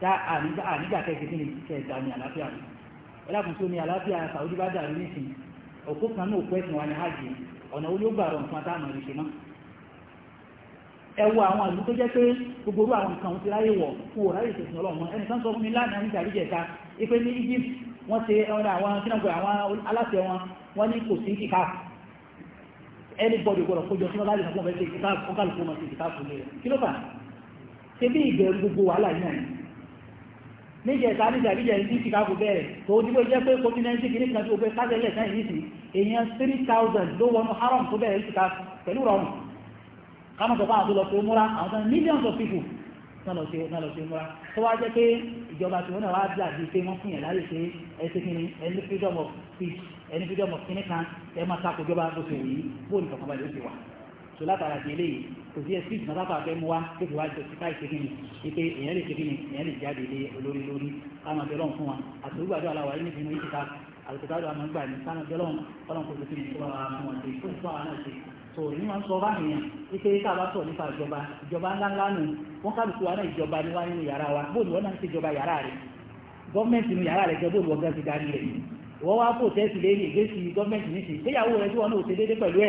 S2: dá àníjà kẹ́kẹ́ kí ni kẹta ní àlàáfíà rẹ̀ ẹlẹ́kùn tó ní àlàáfíà sàwọ́dí bá dàrú nísìn òkú kan náà òkú ẹ̀sìn wa ní hajj ọ̀nà olú gbà rọ̀ nǹkan táàmù rẹ̀ ṣe mọ́ ẹ wo àwọn àlú tó jẹ́ pé gbogbo orú àwọn nǹkan ti ráyè wọ̀ fún òráyè ìṣẹ̀sìn ọlọ́run mọ́ ẹnìkan sọ fún mi lánàá níta àríjẹta ipe ní Egypt wọ́n ṣe ọ̀nà àwọn sinagogo àwọn aláṣẹ wọn wọ́n ní kò sí kíkà anybody gbọ́dọ̀ kójọ sí ọláyé ìṣàkóso ọ̀fẹ́ sí kíkà ọkàlùkù wọn sí kíkà fún mi kí ló fà ṣe bí ìbẹ̀rù gbogbo wàhálà yìí náà níjẹ̀ tàbí ìjàbíjẹ̀ ní chicago bẹ̀rẹ̀ tó dìbò jẹ́ pé continental kìíní kan tí ó fẹ́ kásẹ̀lẹ̀ sáyẹ̀ ní sí èèyàn 3000 ló wọnú haram tó bẹ̀rẹ̀ ìsìká pẹ̀lú rọrùn kámọ̀sọ̀fà àti lọ sí múra àwọn tán millions of people náà lọ sí múra tó wá jẹ́ pé ìjọba tí wọ́n náà wá bí àbí pé wọ́n fún yẹn láyé pé ẹsẹ̀ kìíní ẹni freedom of speech so látara di eléyìí kò sí ẹsí ìgbà tápà fẹ́ mú wa tó fi wá jọ síká ìṣèkínì wípé èèyàn lè ṣèkínì èèyàn lè jáde lé olórí lórí káwọn abẹ́ lọ́n fún wa àtòrúgbàdo aláwa yìí níbi inú yìí kíkà àtòrúgbàdo àmọ́ ní káwọn abẹ́ lọ́n kọ́lọ́n wọn dé kó sọ àwọn àṣẹ so ní wọn sọ bá nìyẹn wípé ká bá sọ nípa ìjọba ìjọba ńláńlá nù wọn kálukú wa náà ìjọba ni wá nínú yàrá wa bóòlù wọn náà ń ṣèjọba yàrá rẹ gọọmenti nínú yàrá rẹ jẹ bóòlù wọn gán ti darí rẹ wọn wá fò tẹsí lé ní ìgbésí gọọmenti nísìnyí péyàwó rẹ tí wọn náà ò ṣe déédéé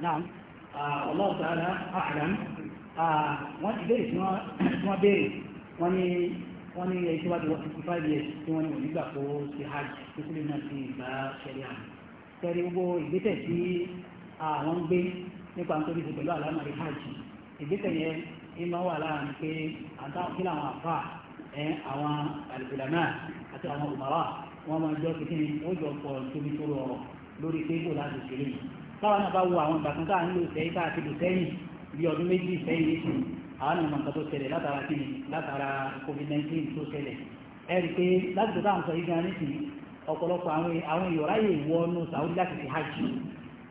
S2: نعم والله تعالى أعلم wọ́n ti béèrè tí wọ́n béèrè wọ́n ní wọ́n ní èyí tó wá di five years tí wọ́n ní wọ́n nígbà tó ṣe hajj tó sílé náà ti gbà ṣẹlẹ̀ àná gbogbo ìgbésẹ̀ tí àwọn ah, ń gbé nípa ń tóbi pẹ̀lú hajj àwọn àlùbùdàmà àti àwọn òmàrà wọn máa jọ kíkí ó jọ pọ̀ tóbi tó rọrọ lórí pépò láti ṣeré yìí táwọn náà bá wo àwọn ìgbà kan tá à ń lò sẹ́yìn tá a ti lò sẹ́yìn bí ọdún méjì sẹ́yìn méjì àwọn náà mọ̀ nǹkan tó ṣẹlẹ̀ látara kíni látara covid-19 tó ṣẹlẹ̀ ẹ rí i pé láti tó táwọn sọ yìí gan-an nísìnyí ọ̀pọ̀lọpọ̀ àwọn àwọn èèyàn ráyè wọnú sàúdí láti fi hajj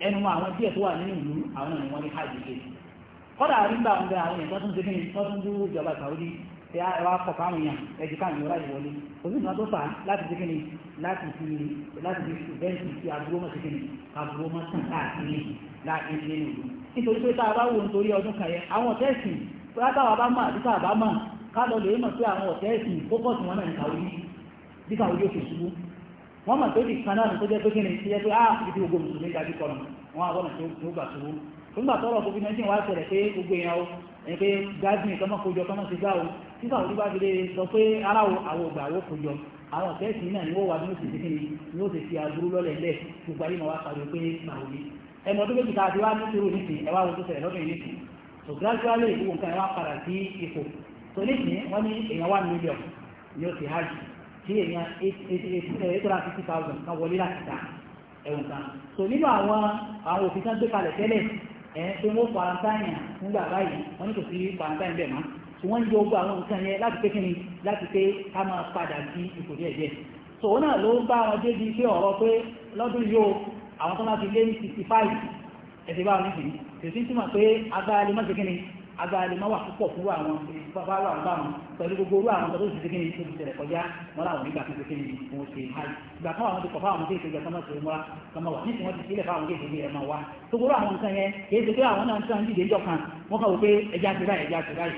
S2: ẹnu àwọn díẹ̀ tó wà nínú ìlú àwọn náà ni ní hajj kọ́dà nígbà wọn àwọn èèyàn tó tún ṣe kí ni tó tún dúró ìjọba sàúdí pé ah, ẹ wá pọ̀ fáwọn èèyàn ẹ̀jú káwọn ìwọ́lá ìwọlé kò sí nǹkan tó fà á láti ṣe kíni láti fi láti fi ìbẹ́ǹtì sí aburú mọ̀ sí kíni aburú mọ̀ sàn káàkiri láti ṣe é nìyí. nítorí pé tá a bá wo nítorí ọdún kan yẹn àwọn ọ̀tẹ́ ẹ̀sìn bóyá táwa bá mọ̀ àti táwa bá mọ̀ ká lọ lè mọ̀ pé àwọn ọ̀tẹ́ ẹ̀sìn fókọ̀sì wọn náà nìkàwé níkàwé yóò fi ṣubú wọ́n mọ̀ pé ìkan náà tó jẹ́ pé kíni tó jẹ́ pé á ah, ibi gbogbo mùsùlùmí gbajú kọ́nà wọn àwọn gbà ṣubú tí sàwọn olúwa fi lè sọ pé ara àwọn ògbà àwọn kò yọ àwọn ọ̀tẹ́ẹ̀sì náà ni wọ́n wà ní òsì síkìní ni ó sì fi aburú lọ́lẹ̀ lẹ̀ gbogbo ayé máa wá pariwo pé màá wí ẹnu ọdún méjì káàdì wá nítorú nísìn ẹwà wọn tó ṣẹlẹ̀ lọ́dún yìí nísìn so gradually ìwò nǹkan ẹwà padà sí ipò so nísìn wọ́n ní èèyàn one million ni ó ti hajj kí èèyàn eight hundred fifty thousand kan wọlé láti ta ẹ̀wọ̀n kan so nínú àwọn àwọn òfin kan gbé kalẹ̀ tẹ́lẹ̀ ẹ̀ pé wọ́n quarantine tí wọ́n yọ gbogbo àwọn nǹkan yẹn láti pé kíni láti pé ká máa padà sí ipò díẹ̀ díẹ̀ so náà ló ń bá wọn débi pé ọ̀rọ̀ pé lọ́dún yóò àwọn tó máa fi lé ní 65 ẹ̀sẹ̀ bá wọn níbi tèsí túmọ̀ pé agbára lè má ṣe kíni agbára lè má wà púpọ̀ fún àwọn bàbá wà wọn pẹ̀lú gbogbo orú àwọn tó ti tó ti tẹ̀lẹ̀ kọjá wọn làwọn nígbà tó ti kíni wọn ṣe hàì ìgbà kan àwọn ti kọ̀ fáwọn kéèké ìgbà sọmọ ìṣòro mọ́ra sọmọ wà nítorí wọn ti sílẹ̀ fáwọn kéèké ìgbà ẹ̀ma wa gbogbo àwọn nǹkan yẹn kì ṣe pé àwọn náà ń tán dídé jọ kan wọn kà wò pé ẹja ti báyìí ẹja ti báyìí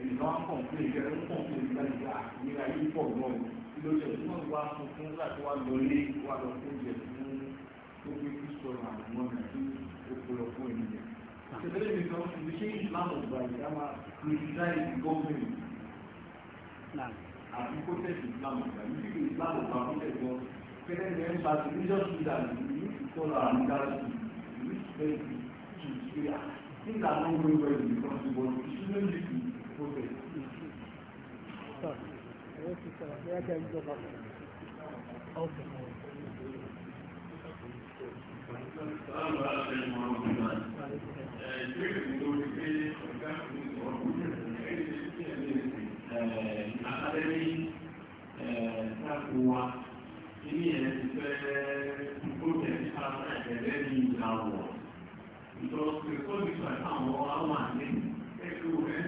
S1: èyí náà ń pọ̀n pé ìjẹ́ ń pọ̀n pé ìgbà ìgbà ìnira yìí pọ̀ náà kí ló ṣe fún wa fún fún láti wá lọ lé wa lọ fún ìjẹ fún tó gbé kí sọ̀rọ̀ àwọn ọ̀nà tí ó pọlọ fún ènìyàn. Ṣèlérí mi kan fi ṣé ìsìlámù gba ìyá máa criticize government àti protest ìsìlámù gba ìdí kí ìsìlámù gba protest wọn kẹ́lẹ́ ní ẹ̀ka ti religious leader ní ìsọ̀rọ̀ àwọn ìdájọ́ ìlú ìsìlẹ̀ ìsìlẹ̀ nígbà tó ń wéwèé ìsìlẹ̀ ìsìlẹ̀ ìsìlẹ̀ Akademi takuwa ní ẹ̀ ti fẹ́ kó tẹ̀sí pàtó ẹ̀ẹ́dẹ́ ní ìlà wọ̀. Ìjọ pé kó nípa àwọn àwọn àlejò ẹ̀kọ́ ẹ̀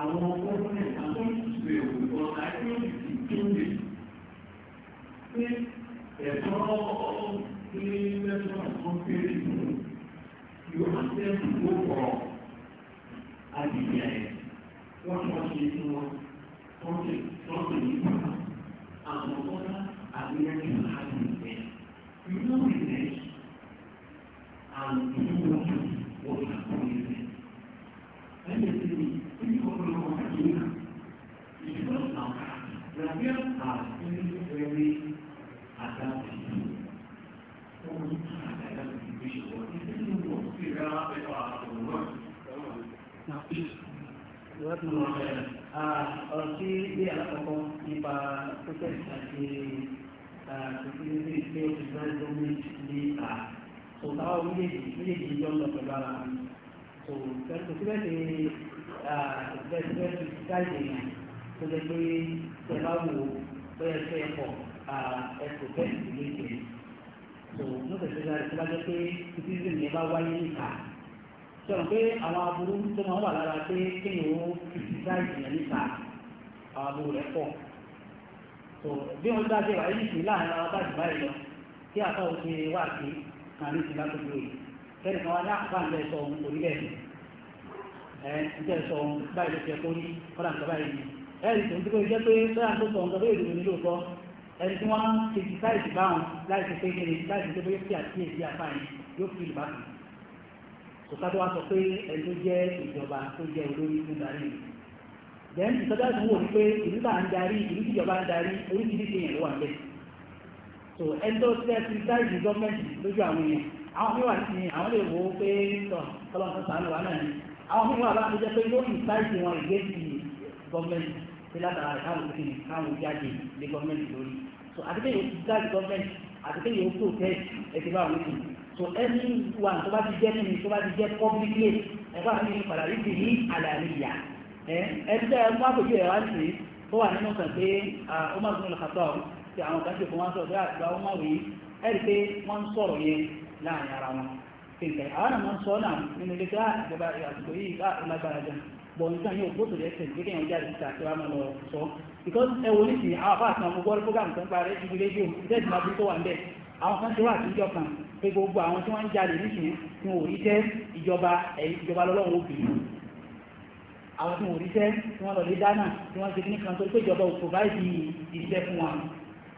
S1: àwọn gómìnà àwọn ìgbèrò ọ̀la yóò di kíndì pé ẹ̀tọ́ ní lẹ́tọ̀ tó kéré yóò máa tẹ́ ìlú pọ̀ àdìyẹ wọ́n tó ṣe fún wọn tó ṣe tó ṣe nípa àwọn ọ̀la àbíyẹ́kì láti ìgbẹ́. You know the next and àwọn méjèèjì méjèèjì yọ lọ pẹ̀lú ara tó kò síbẹ̀ ṣe ìgbẹ́síbẹ̀ ti káyìí èèyàn tó lè pé tẹ bá wò ó yẹ kí
S2: ẹ pọ̀ ẹ̀kọ́ bẹ́ẹ̀ sì lè jẹ́ tó ní òṣèlú láti tó bá jẹ́ pé títí sì ní bá wáyé níta sọ̀rọ̀ pé àwọn aburú tó máa wà lára pé kéèyàn ó fìdí káyìí rẹ̀ pọ̀ tó bí wọ́n dájú wáyé nìkú láàrin àwọn bá jù lọ kí àtàwọn ti wá sí kan ní ti lákòókò yìí kẹ́ni kan wá ní àkókò àǹdẹ̀ sọ ohun orílẹ̀ ẹ̀ ń tẹ̀ sọ ohun báyìí ló ti ẹ̀kọ́ ní kọ́dà nǹkan báyìí ni ẹ̀rì tó ń dúró jẹ́ pé sọ́yà tó sọ nǹkan bóyá ìdòdò nílò kọ́ ẹni tí wọ́n ti di sáìsì báwọn láì fi pé kíni láì fi pé bóyá sí àti èsì àfààní yóò fi ìlú bá kù kò ká tó wá sọ pé ẹni tó jẹ́ ìjọba tó jẹ́ olórí tó darí ìlú then ìtọ́jú àti wò ni pé ìlú tá à ń darí ìlú tíjọba ń darí oríṣiríṣi èèyàn ló wà bẹ́ẹ̀ so ẹjọ́ tẹ́ ti dáìdì gọ́ọ̀mẹ́ntì lójú àwọn èèyàn àwọn mìíràn ti àwọn lè wo pé tọ̀ kọ́lọ́mù sàánù wà náà ni àwọn mìíràn bá ti jẹ́ pé yóò ìsáìdì wọn ìgbé ti gọ́ọ̀mẹ́ntì tí látara rẹ̀ káwọn òfin káwọn jáde lé gọ́ọ̀mẹ́ntì lórí so àti pé yóò ti dáìdì gọ́ọ̀mẹ́ntì àti pé yóò tó tẹ́ ẹtì bá wọn so ẹni wa tó bá ti jẹ́ ni, tó bá ti jẹ́ pọ́blíkì ẹ̀fọ́ àti nínú padà rídì ní àlàyé ẹ̀ ẹ̀ tí àwọn kan sì fún wọn sọ pé àtìgbà wọn máa wèé ẹ̀rí pé wọ́n ń sọ̀rọ̀ yẹn láàrin ara wọn kìnkìn àwọn àmọ́ ń sọ náà nínú ilé ká ah, ìjọba àsìkò yìí ká ah, lágbára jà bọ̀ nǹkan yóò gbóòtò rẹ̀ tẹ̀lé pé kéèyàn jáde síta tí wọ́n máa lọ sọ because ẹ wo nísìnyí àwọn afá àti àwọn gbọ́dọ̀ program tó ń parẹ́ ibi rédíò ìtẹ́sí máa bí tó wà ń bẹ̀ àwọn kan ti wà àtijọ́ kan pé gbogbo àwọn tí wọ́n ń jáde nísìnyí àwọn tí wọ́n rí jẹ́ tí wọ́n lọ lé dáná tí wọ́n ti ní kan tó pé ìjọba ò provide iṣẹ́ fún wọn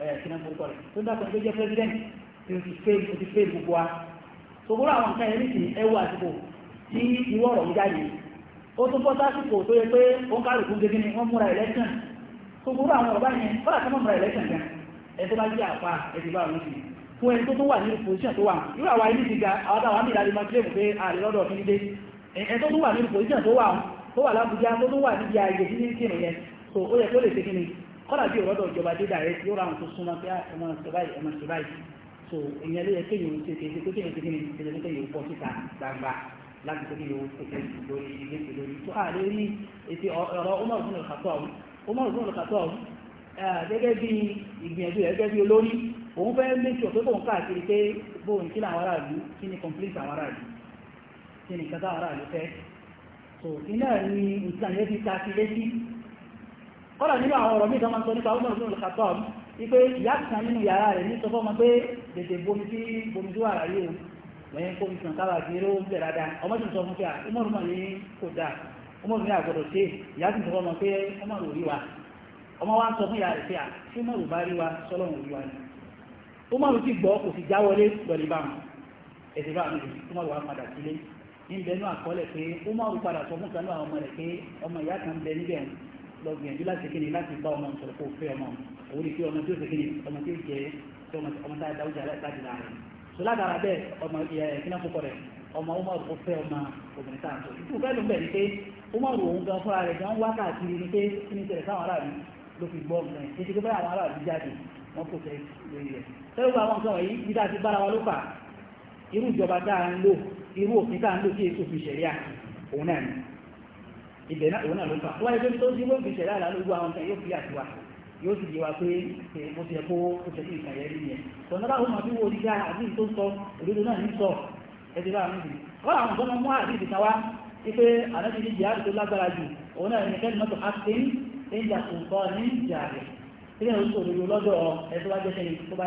S2: Eh, kíná gbogbo rẹ̀ tó dákọ̀ tó jẹ́ president tí ó ti fẹ́ ó ti fẹ́ gbogbo wa sòkúrò àwọn nǹkan ẹ̀rí sí ẹwọ àsìkò tí ìwọ ọ̀rọ̀ yìí jáde ó tún bọ́ sásìkò tó yẹ ni wọ́n múra election sòkúrò àwọn ọ̀rọ̀ báyìí kọ́lá tó múra election gan ẹ tó bá jẹ́ àpá ẹ ti bá wọn sí fún ẹni tó tún wà ní position tó wà irú àwa ilé ti ga àwọn táwọn àmì ìdájọ́ máa kílẹ̀ mú pé ààrẹ lọ́dọ̀ fi dé ẹ tó tún wà ní position tó wà tó wà lábújá kọ́lá bí ọ̀rọ̀dọ̀ ìjọba dé dàrẹ́ tí ó ra àwọn tó súnmọ́ pé ah, ẹmọ ṣẹbáyì ẹmọ ṣẹbáyì so ìyẹn ló yẹ kí yòó ṣe kéde tó kéde kéde kéde kéde yòó bọ́ síta gbangba láti kéde yòó kéde lórí ilé kéde lórí tó a lè rí ètò ọ̀rọ̀ Umar bin al-Khattab Umar bin al-Khattab gẹ́gẹ́ bí ìgbìyànjú rẹ̀ gẹ́gẹ́ bí olórí òun fẹ́ méjì ọ̀pẹ́ bóun káàkiri pé bóun kí làwọn aráàlú kí ni complete àwọn aráàlú kí ni kátà aráàlú fẹ́ so iná ní ìtàn yẹn ti ta sí létí kọ́lá nínú àwọn ọ̀rọ̀ mìí sọmọ́ nípa ọmọ ìlú ìkàtọ́ wípé ìyá kan nínú yàrá rẹ̀ ní sọfọ́ ọmọ pé dèdè bomi tí bomi tó àrà yóò lẹ́yìn kó nìkan kára sí eré oúnjẹ dáadáa ọmọ sì sọ fún pé ọmọrùn mọ̀ ní kò dáa ọmọrùn ní àgbọ̀dọ̀ ṣe ìyá sì sọ ọmọ pé ọmọrùn ò rí wa ọmọ wa ń sọ fún ìyá rẹ̀ pé à tí ọmọrùn bá rí wa pé ọmọ ìyá kan bẹ níbẹ̀ lọ gbìyànjú láti ṣe kíni láti bá ọmọ sọ̀rọ̀ kó fẹ́ ọmọ òun ni pé ọmọ tí ó ṣe kíni ọmọ tí ó jẹ tí ọmọ tá a dá ojà láti láàrin so látara bẹ́ẹ̀ ọmọ ìkíná púpọ̀ rẹ̀ ọmọ Umaru ó fẹ́ ọmọ obìnrin tá a sọ ìtú fẹ́ ló ń bẹ̀ ni pé Umaru òun gan fúnra rẹ̀ gan wá káàkiri ni pé kí ni tẹ̀lé sáwọn aráàlú ló fi gbọ́ ọmọ rẹ̀ kékeré báyà àwọn aráàlú jáde wọ́n kò tẹ̀ lórí rẹ̀ tẹ́lẹ̀ gba àwọn nǹkan wọ̀nyí bí dáa ti bára wa ló fà ibẹ̀ náà òun náà ló fà wọ́n ẹgbẹ́ tó sí wọ́n fi ṣẹ̀dá àlàlú gbogbo àwọn kan yóò fi àtiwà yóò sì yíwa pé mo ti ẹ̀kọ́ ó ṣe sí ìkàyẹ̀ rí yẹn tọ̀nà bá wọn àbí wo orí ká àbí tó sọ òdodo náà ní sọ ẹ̀dẹ̀ bá wọn bì wọ́n àwọn tó mú àbí ìdìta wá wípé àdájọ́ ní jihad tó lágbára jù òun náà ní kẹ́lí mọ́tò actin ẹ̀yà kùnkọ́ ní jàre ilé ìwé òdodo lọ́dọ̀ ẹ̀ tó bá jẹ́ sẹ́ni tó bá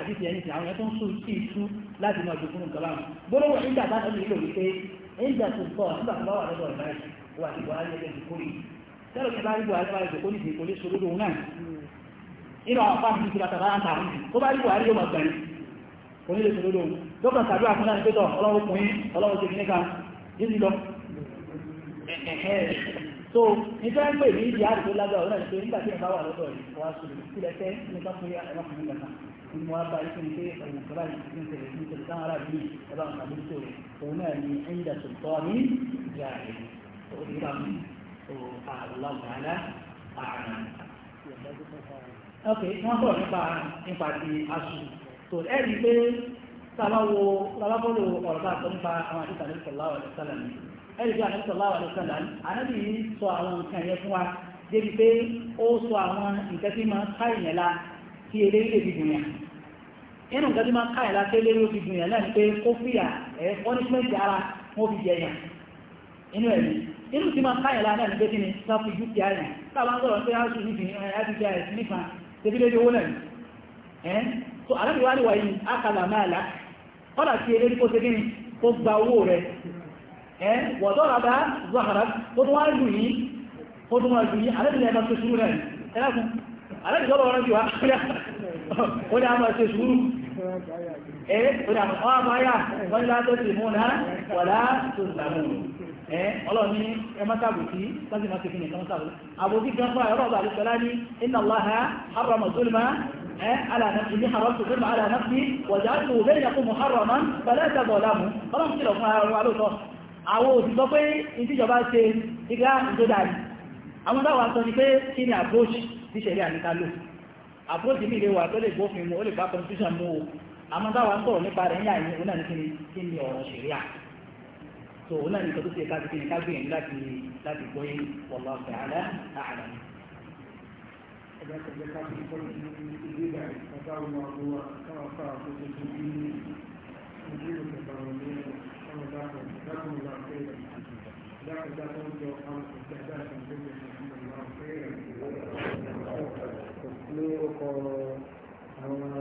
S2: àdìsí ẹni tí àwọn ẹ̀ ń sùn sí ìsú láti máa jòkó nǹkan báwọn wọ̀ nígbà tá a lè wípé nígbà tó sọ nígbà tó bá wà lọ́dọ̀ ìbáyìí wà ní buhari ẹgbẹ́ ìdìkó yìí tẹ́lọ̀ ní buhari buhari bá ìdìkó yìí kò lè sọ lódò náà inú àwọn fáwọn ìdìkó bàtà bá ta tó bá rí buhari yóò máa gbà kò ní lè sọ lódò dókítà tàbí àkúnlá ní pẹ́tọ̀ ọlọ́wọ́ so nígbà ń pè ní ìdí àrùn tó lágbára ọ̀rẹ́ ìpè nígbà tí ẹ bá wà lọ́dọ̀ rẹ̀ wá sùn sílẹ̀ fẹ́ nípa pé ẹ̀rọ fún mi kàkà ní mo wá bá yín pé ọ̀nà tó báyìí ti ń tẹ̀lé ní tẹ̀lé sáwọn ará bíi ẹ ń kà lóṣù rẹ̀ òun náà ni ẹ̀yìn dà sọ̀tọ́ ní ìjà rẹ̀ ó ti bá
S1: mi ó àlọ́gbàlá àrùn. ok wọ́n sọ̀rọ̀
S2: nípa nípa ti aṣù tó ẹ̀ rí ẹ̀rìgbà àti sọ̀láwà ló sọ̀lá ànábì yìí sọ àwọn nǹkan yẹn fún wa débi pé ó sọ àwọn nǹkan tí máa ká ìyẹn la kí eléyìí lè fi dùn yàn inú nǹkan tí máa ká ìyẹn la kí eléyìí lè fi dùn yàn náà ni pé kó fìyà ẹ̀ pọ́nísímẹ́ǹtì ara wọn fi jẹ yàn inú ẹ̀ ní inú tí máa ká ìyẹn la náà ni pé kí ni sọ fi dúkìá yàn táwọn sọ̀rọ̀ pé á sùn níbi àdúgbà ẹ̀ nípa wọ̀dọ́rọ̀dá zọ́hara ó tún wá jù yí ó tún wá jù yí alẹ́bìnrin ẹ̀mà ṣe ṣúrú rẹ̀ ẹ̀lákùn alẹ́bìnrin ọlọ́rọ̀ rẹ̀ jù wá ó ní a máa ṣe ṣúrú
S1: ẹ̀ ó ní a máa yà wọ́n látọ́ sí mú náà wọ̀lá tó zàmù
S2: ẹ̀ ọlọ́ni ẹmà sàbùkí láti máa ṣe fi nìkan sàbù àbòkí gan fún àyọ́rọ̀ àbí sọlá ní iná láha harama zulma على نفسي اللي حرمت الظلم على نفسي وجعلته بينكم محرما فلا تظلموا خلاص كده وعلوه àwọn òsìsọ pé ìtíjọba ṣe iga ìjọdáàrí àwọn dáwà sọ ni pé kí ni approach ti ṣẹ̀rí àníkálò approach mi lè wà tó lè mu o àwọn dáwà ń sọ̀rọ̀ nípa rẹ̀ ń yà ní òun náà ní kí ni so òun náà ní ìtọ́jú ṣe káàkiri ní ìjọba
S1: جزاكم الله خيرا لا تزال تنجو خمس استعداد من جميع الحمد لله خيرا